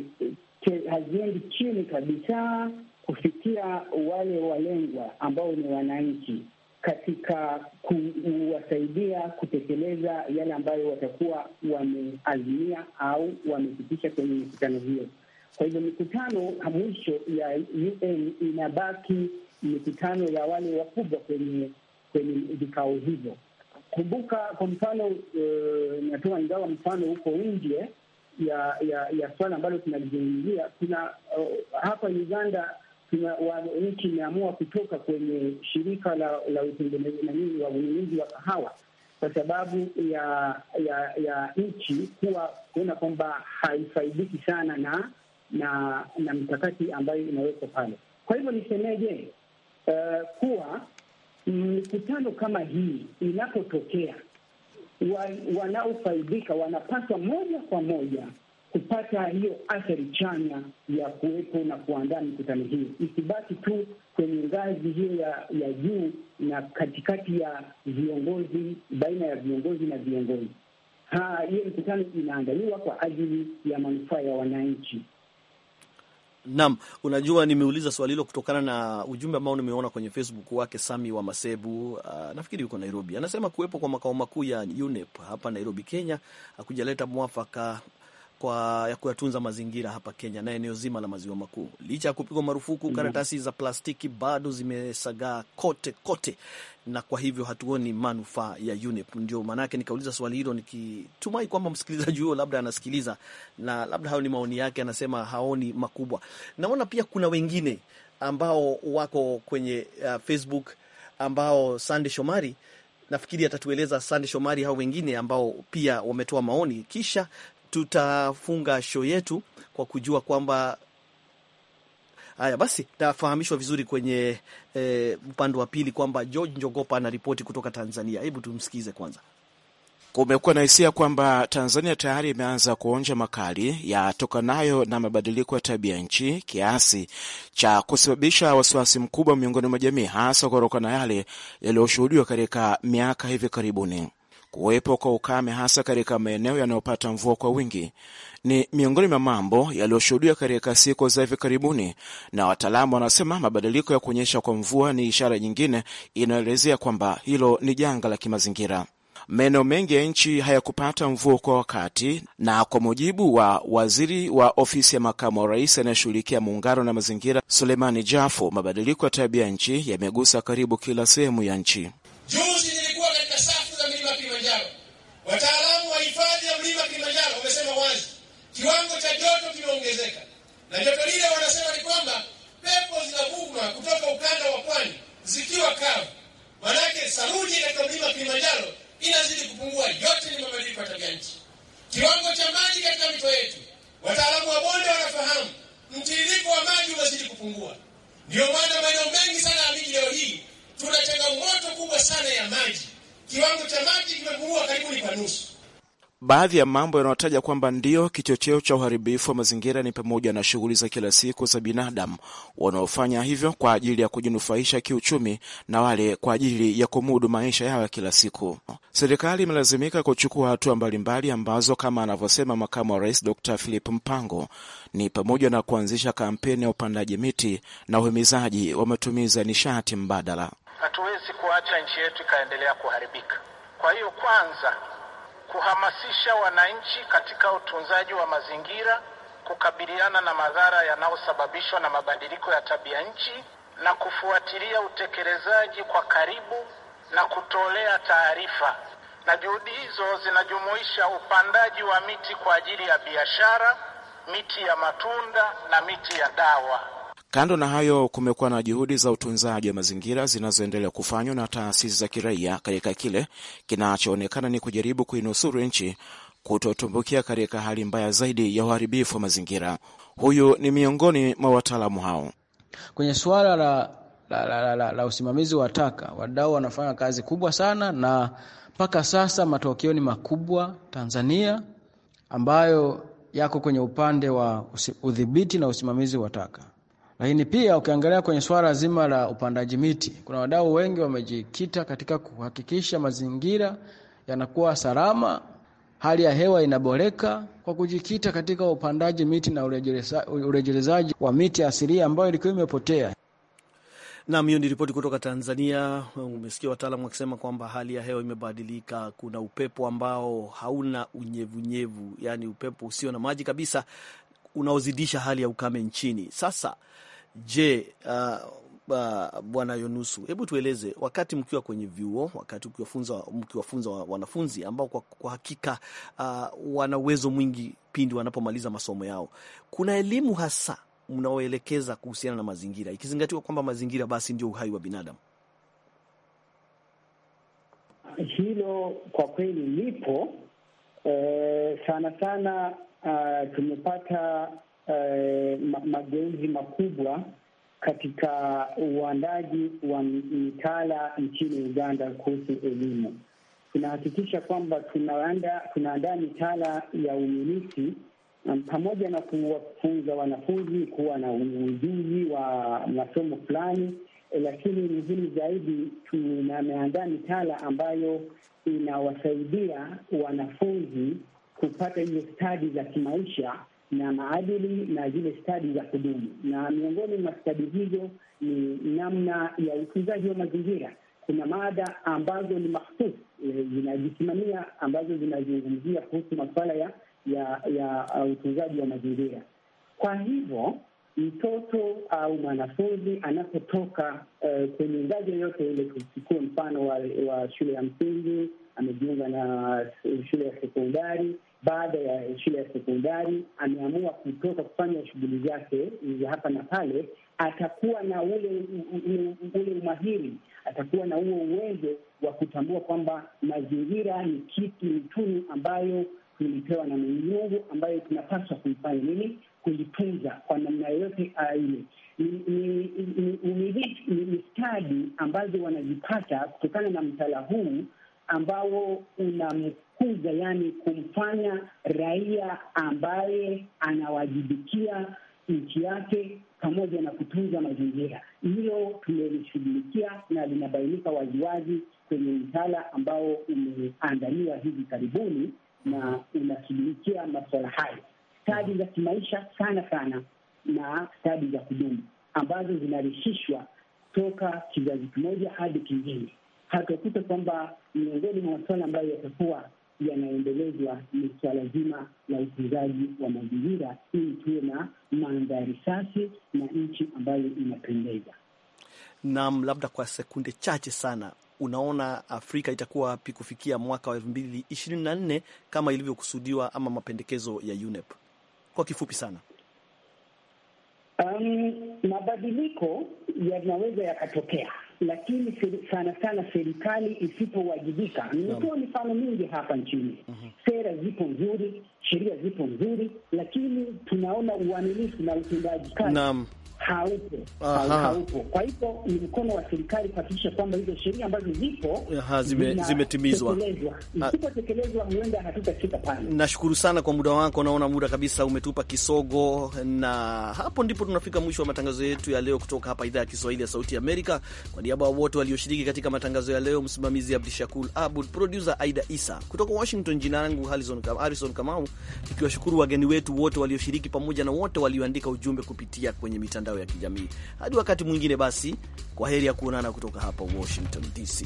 haziendi chini kabisa kufikia wale walengwa ambao ni wananchi katika kuwasaidia kutekeleza yale ambayo watakuwa wameazimia au wamepitisha kwenye mikutano hiyo. Kwa hivyo mikutano mwisho ya UN inabaki mikutano ya wale wakubwa kwenye kwenye vikao hivyo. Kumbuka kwa mfano e, natoa ingawa mfano huko nje ya ya, ya swala ambalo tunalizungumzia kuna uh, hapa Uganda nchi imeamua kutoka kwenye shirika la la utengenezaji wa ununuzi wa kahawa kwa sababu ya ya ya nchi kuwa kuona kwamba haifaidiki sana na na na mikakati ambayo inawekwa pale. Kwa hivyo nisemeje, uh, eh, kuwa mikutano kama hii inapotokea, wanaofaidika wanapaswa moja kwa moja kupata hiyo athari chanya ya kuwepo na kuandaa mikutano hii, isibaki tu kwenye ngazi hiyo ya, ya juu na katikati ya viongozi, baina ya viongozi na viongozi. Hiyo mikutano inaandaliwa kwa ajili ya manufaa ya wananchi. Naam, unajua nimeuliza swali hilo kutokana na ujumbe ambao nimeona kwenye Facebook wake Sami wa Masebu, uh, nafikiri yuko Nairobi. Anasema kuwepo kwa makao makuu ya UNEP hapa Nairobi, Kenya hakujaleta mwafaka kwa ya kuyatunza mazingira hapa Kenya na eneo zima la maziwa makuu. Licha ya kupigwa marufuku, mm. karatasi za plastiki bado zimesagaa kote kote, na kwa hivyo hatuoni manufaa ya UNEP. Ndio maanake nikauliza swali hilo nikitumai kwamba msikilizaji huyo labda anasikiliza na labda hayo ni maoni yake, anasema haoni makubwa. Naona pia kuna wengine ambao wako kwenye uh, Facebook ambao Sande Shomari nafikiri atatueleza Sande Shomari hao wengine ambao pia wametoa maoni, kisha tutafunga show yetu kwa kujua kwamba Haya basi, tafahamishwa vizuri kwenye eh, upande wa pili kwamba George Njogopa anaripoti kutoka Tanzania. Hebu tumsikize kwanza. Kumekuwa na hisia kwamba Tanzania tayari imeanza kuonja makali yatokanayo na mabadiliko ya tabia nchi kiasi cha kusababisha wasiwasi mkubwa miongoni mwa jamii, hasa kutokana na yale yaliyoshuhudiwa katika miaka hivi karibuni. Kuwepo kwa ukame hasa katika maeneo yanayopata mvua kwa wingi ni miongoni mwa mambo yaliyoshuhudiwa katika siku za hivi karibuni, na wataalamu wanasema mabadiliko ya kuonyesha kwa mvua ni ishara nyingine inayoelezea kwamba hilo ni janga la kimazingira. Maeneo mengi ya nchi hayakupata mvua kwa wakati, na kwa mujibu wa waziri wa ofisi ya makamu wa rais anayeshughulikia muungano na mazingira, Suleimani Jafo, mabadiliko ya tabia nchi yamegusa karibu kila sehemu ya nchi. Juzi Kilimanjaro. Wataalamu wa hifadhi ya mlima Kilimanjaro wamesema wazi, kiwango cha joto kimeongezeka, na joto lile wanasema ni kwamba pepo zinavuma kutoka ukanda wa pwani zikiwa kavu, manake saruji katika mlima Kilimanjaro inazidi kupungua. Yote ni mabadiliko ya tabia nchi. Kiwango cha maji katika mito yetu, wataalamu wa bonde wanafahamu mtiririko wa maji unazidi kupungua. Ndiyo maana maeneo mengi sana ya miji leo hii tuna changamoto kubwa sana ya maji kiwango cha maji kimepungua karibu ni kwa nusu. Baadhi ya mambo yanayotaja kwamba ndiyo kichocheo cha uharibifu wa mazingira ni pamoja na shughuli za kila siku za binadamu wanaofanya hivyo kwa ajili ya kujinufaisha kiuchumi na wale kwa ajili ya kumudu maisha yao ya kila siku. Serikali imelazimika kuchukua hatua mbalimbali ambazo, kama anavyosema makamu wa rais Dr. Philip Mpango, ni pamoja na kuanzisha kampeni ya upandaji miti na uhimizaji wa matumizi ya nishati mbadala. Hatuwezi kuacha nchi yetu ikaendelea kuharibika. Kwa hiyo, kwanza kuhamasisha wananchi katika utunzaji wa mazingira, kukabiliana na madhara yanayosababishwa na mabadiliko ya tabia nchi na kufuatilia utekelezaji kwa karibu na kutolea taarifa. Na juhudi hizo zinajumuisha upandaji wa miti kwa ajili ya biashara, miti ya matunda na miti ya dawa. Kando na hayo, kumekuwa na juhudi za utunzaji wa mazingira zinazoendelea kufanywa na taasisi za kiraia katika kile kinachoonekana ni kujaribu kuinusuru nchi kutotumbukia katika hali mbaya zaidi ya uharibifu wa mazingira. Huyu ni miongoni mwa wataalamu hao. Kwenye suala la, la, la, la, la, la usimamizi wa taka, wadau wanafanya kazi kubwa sana, na mpaka sasa matokeo ni makubwa Tanzania, ambayo yako kwenye upande wa udhibiti na usimamizi wa taka. Lakini pia ukiangalia kwenye swala zima la upandaji miti, kuna wadau wengi wamejikita katika kuhakikisha mazingira yanakuwa salama, hali ya hewa inaboreka kwa kujikita katika upandaji miti na urejelezaji wa miti asilia ambayo ilikuwa imepotea. Nam, hiyo ni ripoti kutoka Tanzania. Umesikia wataalamu wakisema kwamba hali ya hewa imebadilika. Kuna upepo ambao hauna unyevunyevu, yani upepo usio na maji kabisa, unaozidisha hali ya ukame nchini. Sasa je, uh, uh, Bwana Yonusu, hebu tueleze, wakati mkiwa kwenye vyuo, wakati mkiwafunza mkiwafunza wanafunzi ambao kwa, kwa hakika uh, wana uwezo mwingi pindi wanapomaliza masomo yao, kuna elimu hasa mnaoelekeza kuhusiana na mazingira, ikizingatiwa kwamba mazingira basi ndio uhai wa binadamu? Hilo kwa kweli lipo. E, sana sana uh, tumepata uh, mageuzi makubwa katika uandaji wa mitaala nchini Uganda kuhusu elimu. Tunahakikisha kwamba tunaanda tunaandaa mitaala ya umiliki um, pamoja na kuwafunza wanafunzi kuwa na ujuzi wa masomo fulani, eh, lakini muhimu zaidi, tumeandaa mitaala ambayo inawasaidia wanafunzi kupata hizo stadi za kimaisha na maadili na zile stadi za kudumu, na miongoni mwa stadi hizo ni namna ya utunzaji wa mazingira. Kuna mada ambazo ni mahsus eh, zinajisimamia e, ambazo zinazungumzia kuhusu masuala ya ya, ya utunzaji wa mazingira. Kwa hivyo mtoto au mwanafunzi anapotoka uh, kwenye ngazi yoyote ile, kuchukua mfano wa, wa shule ya msingi amejiunga na shule ya sekondari baada ya shule ya sekondari ameamua kutoka kufanya shughuli zake za hapa na pale, atakuwa na ule ule umahiri, atakuwa na huo uwezo wa kutambua kwamba mazingira ni kitu, ni tunu ambayo tulipewa na Mwenyezi Mungu, ambayo tunapaswa kuifanya nini, kuitunza kwa namna yoyote ile. Ni stadi ambazo wanazipata kutokana na mtaala huu ambao unamkuza, yani kumfanya raia ambaye anawajibikia nchi yake pamoja na kutunza mazingira. Hilo tumelishughulikia na linabainika waziwazi kwenye mtaala ambao umeandaliwa hivi karibuni na unashughulikia masuala hayo, stadi za kimaisha sana sana na stadi za kudumu ambazo zinarishishwa toka kizazi kimoja hadi kingine hatakuta kwamba miongoni mwa masuala ambayo yatakuwa yanaendelezwa ni swala zima la utunzaji wa mazingira ili tuwe na mandhari safi na nchi ambayo inapendeza. Naam, labda kwa sekunde chache sana, unaona Afrika itakuwa wapi kufikia mwaka wa elfu mbili ishirini na nne kama ilivyokusudiwa ama mapendekezo ya UNEP? Kwa kifupi sana, um, mabadiliko yanaweza yakatokea lakini sana sana serikali isipowajibika. Nimetoa mifano mingi hapa nchini. uh mhm. -huh. Sera zipo nzuri, sheria zipo nzuri, lakini tunaona uaminifu na utendaji kazi haupo haupo. Kwa hivyo ni mkono wa serikali kuhakikisha kwamba hizo sheria ambazo zipo zimetimizwa. Ah. Isipotekelezwa huenda hatutafika pale. Nashukuru sana kwa muda wako, naona muda kabisa umetupa kisogo, na hapo ndipo tunafika mwisho wa matangazo yetu ya leo kutoka hapa idhaa ya Kiswahili ya Sauti Amerika. Kwa niaba ya wote walioshiriki katika matangazo ya leo, msimamizi Abdishakur Abud, producer Aida Isa kutoka Washington, jina langu Harrison Kamau, tukiwashukuru wageni wetu wote walioshiriki pamoja na wote walioandika ujumbe kupitia kwenye mitandao mitandao ya kijamii. Hadi wakati mwingine, basi kwa heri ya kuonana kutoka hapa Washington DC.